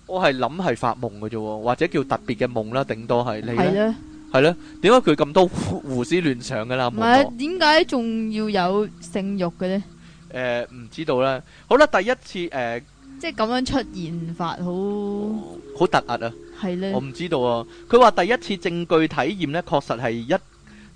我係諗係發夢嘅啫，或者叫特別嘅夢啦，頂多係你係咧，係咧。點解佢咁多胡思亂想嘅啦？唔係，點解仲要有性慾嘅呢？誒，唔知道啦。好啦，第一次誒。即係咁樣出現法，好好、哦、突兀啊！係咧，我唔知道啊。佢話第一次證據體驗咧，確實係一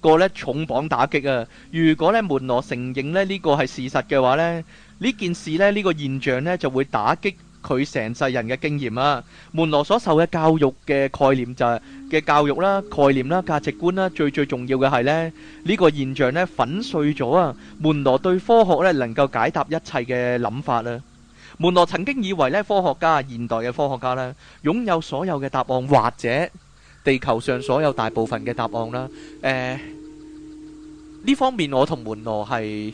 個咧重磅打擊啊！如果咧門羅承認咧呢個係事實嘅話咧，呢件事咧呢、呢個現象呢就會打擊佢成世人嘅經驗啊！門羅所受嘅教育嘅概念就係、是、嘅教育啦、概念啦、價值觀啦，最最重要嘅係咧呢、呢個現象咧粉碎咗啊！門羅對科學呢能夠解答一切嘅諗法啊！門羅曾經以為咧，科學家、現代嘅科學家咧，擁有所有嘅答案，或者地球上所有大部分嘅答案啦。誒、呃，呢方面我同門羅係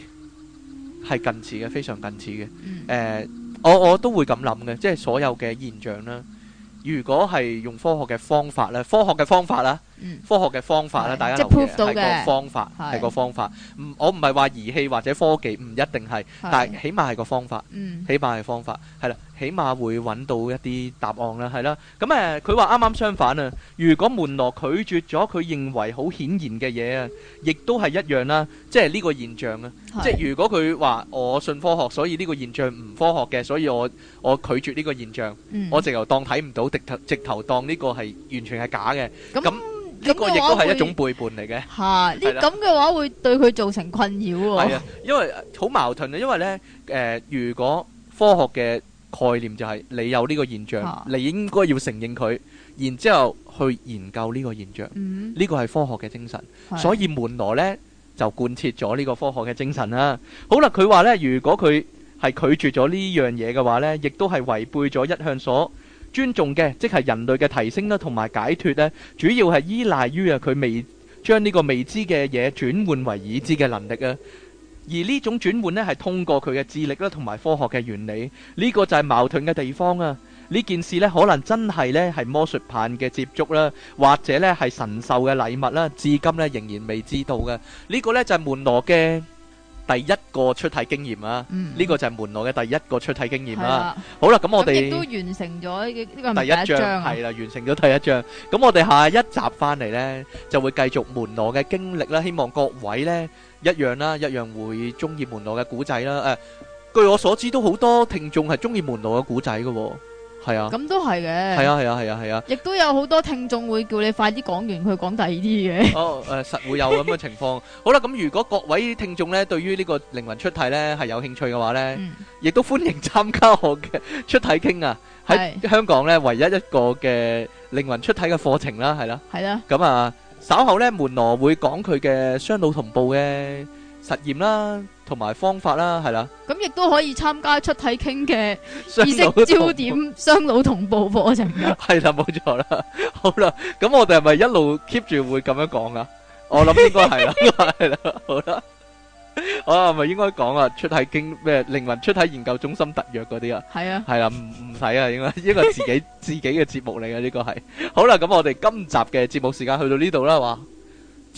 係近似嘅，非常近似嘅。誒、呃，我我都會咁諗嘅，即係所有嘅現象啦。如果係用科學嘅方法咧，科學嘅方法啦。科學嘅方法咧，嗯、大家留意係個方法，係、嗯、個方法。唔是，我唔係話儀器或者科技唔一定係，是但係起碼係個方法，嗯、起碼係方法，係啦，起碼會揾到一啲答案啦，係啦。咁誒，佢話啱啱相反啊，如果門羅拒絕咗佢認為好顯然嘅嘢啊，亦都係一樣啦，即係呢個現象啊。是即係如果佢話我信科學，所以呢個現象唔科學嘅，所以我我拒絕呢個現象，嗯、我直頭當睇唔到，直頭直頭當呢個係完全係假嘅，咁、嗯。嗯呢個亦都係一種背叛嚟嘅，嚇！呢咁嘅話會對佢造成困擾喎。係啊，因為好矛盾啊。因為咧，誒，如果科學嘅概念就係你有呢個現象，你應該要承認佢，然之後去研究呢個現象。嗯，呢個係科學嘅精神。所以門羅咧就貫徹咗呢個科學嘅精神啦。好啦，佢話咧，如果佢係拒絕咗呢樣嘢嘅話咧，亦都係違背咗一向所尊重嘅，即係人類嘅提升咧，同埋解脱咧，主要係依賴於啊佢未將呢個未知嘅嘢轉換為已知嘅能力啊。而呢種轉換咧係通過佢嘅智力啦，同埋科學嘅原理呢，這個就係矛盾嘅地方啊。呢件事咧可能真係咧係魔術棒嘅接觸啦，或者咧係神獸嘅禮物啦，至今咧仍然未知道嘅呢個呢就係門羅嘅。第一個出體經驗啦，呢、嗯、個就係門羅嘅第一個出體經驗啦。的好啦，咁我哋都完成咗呢、這個第一章啊，係啦，完成咗第一章。咁我哋下一集翻嚟，呢就會繼續門羅嘅經歷啦。希望各位呢一樣啦，一樣會中意門羅嘅古仔啦。誒、呃，據我所知，都好多聽眾係中意門羅嘅古仔嘅。係啊，咁都係嘅。係啊係啊係啊係啊，啊啊啊亦都有好多聽眾會叫你快啲講完，佢講第二啲嘢。哦，誒、呃，實會有咁嘅情況。 好啦，咁如果各位聽眾呢，對於呢個靈魂出體呢係有興趣嘅話呢，嗯、亦都歡迎參加我嘅出體傾啊。喺是香港呢，唯一一個嘅靈魂出體嘅課程啦，係啦。係啦。咁啊，稍後呢，門羅會講佢嘅雙腦同步嘅實驗啦。同埋方法啦，係啦，咁亦都可以參加出體傾嘅意識焦點雙腦同步課程。係啦，冇錯啦。好啦，咁我哋係咪一路 keep 住會咁樣講啊？我諗應該係啦，係啦，好啦。我，咪應該講啊，出體經咩靈魂出體研究中心特約嗰啲啊？係啊，係啊，唔唔使啊，因為因為自己自己嘅節目嚟嘅呢個係。好啦，咁我哋今集嘅節目時間去到呢度啦，話。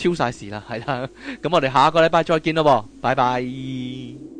超晒時啦，係啦，咁、嗯、我哋下個禮拜再見咯，拜拜。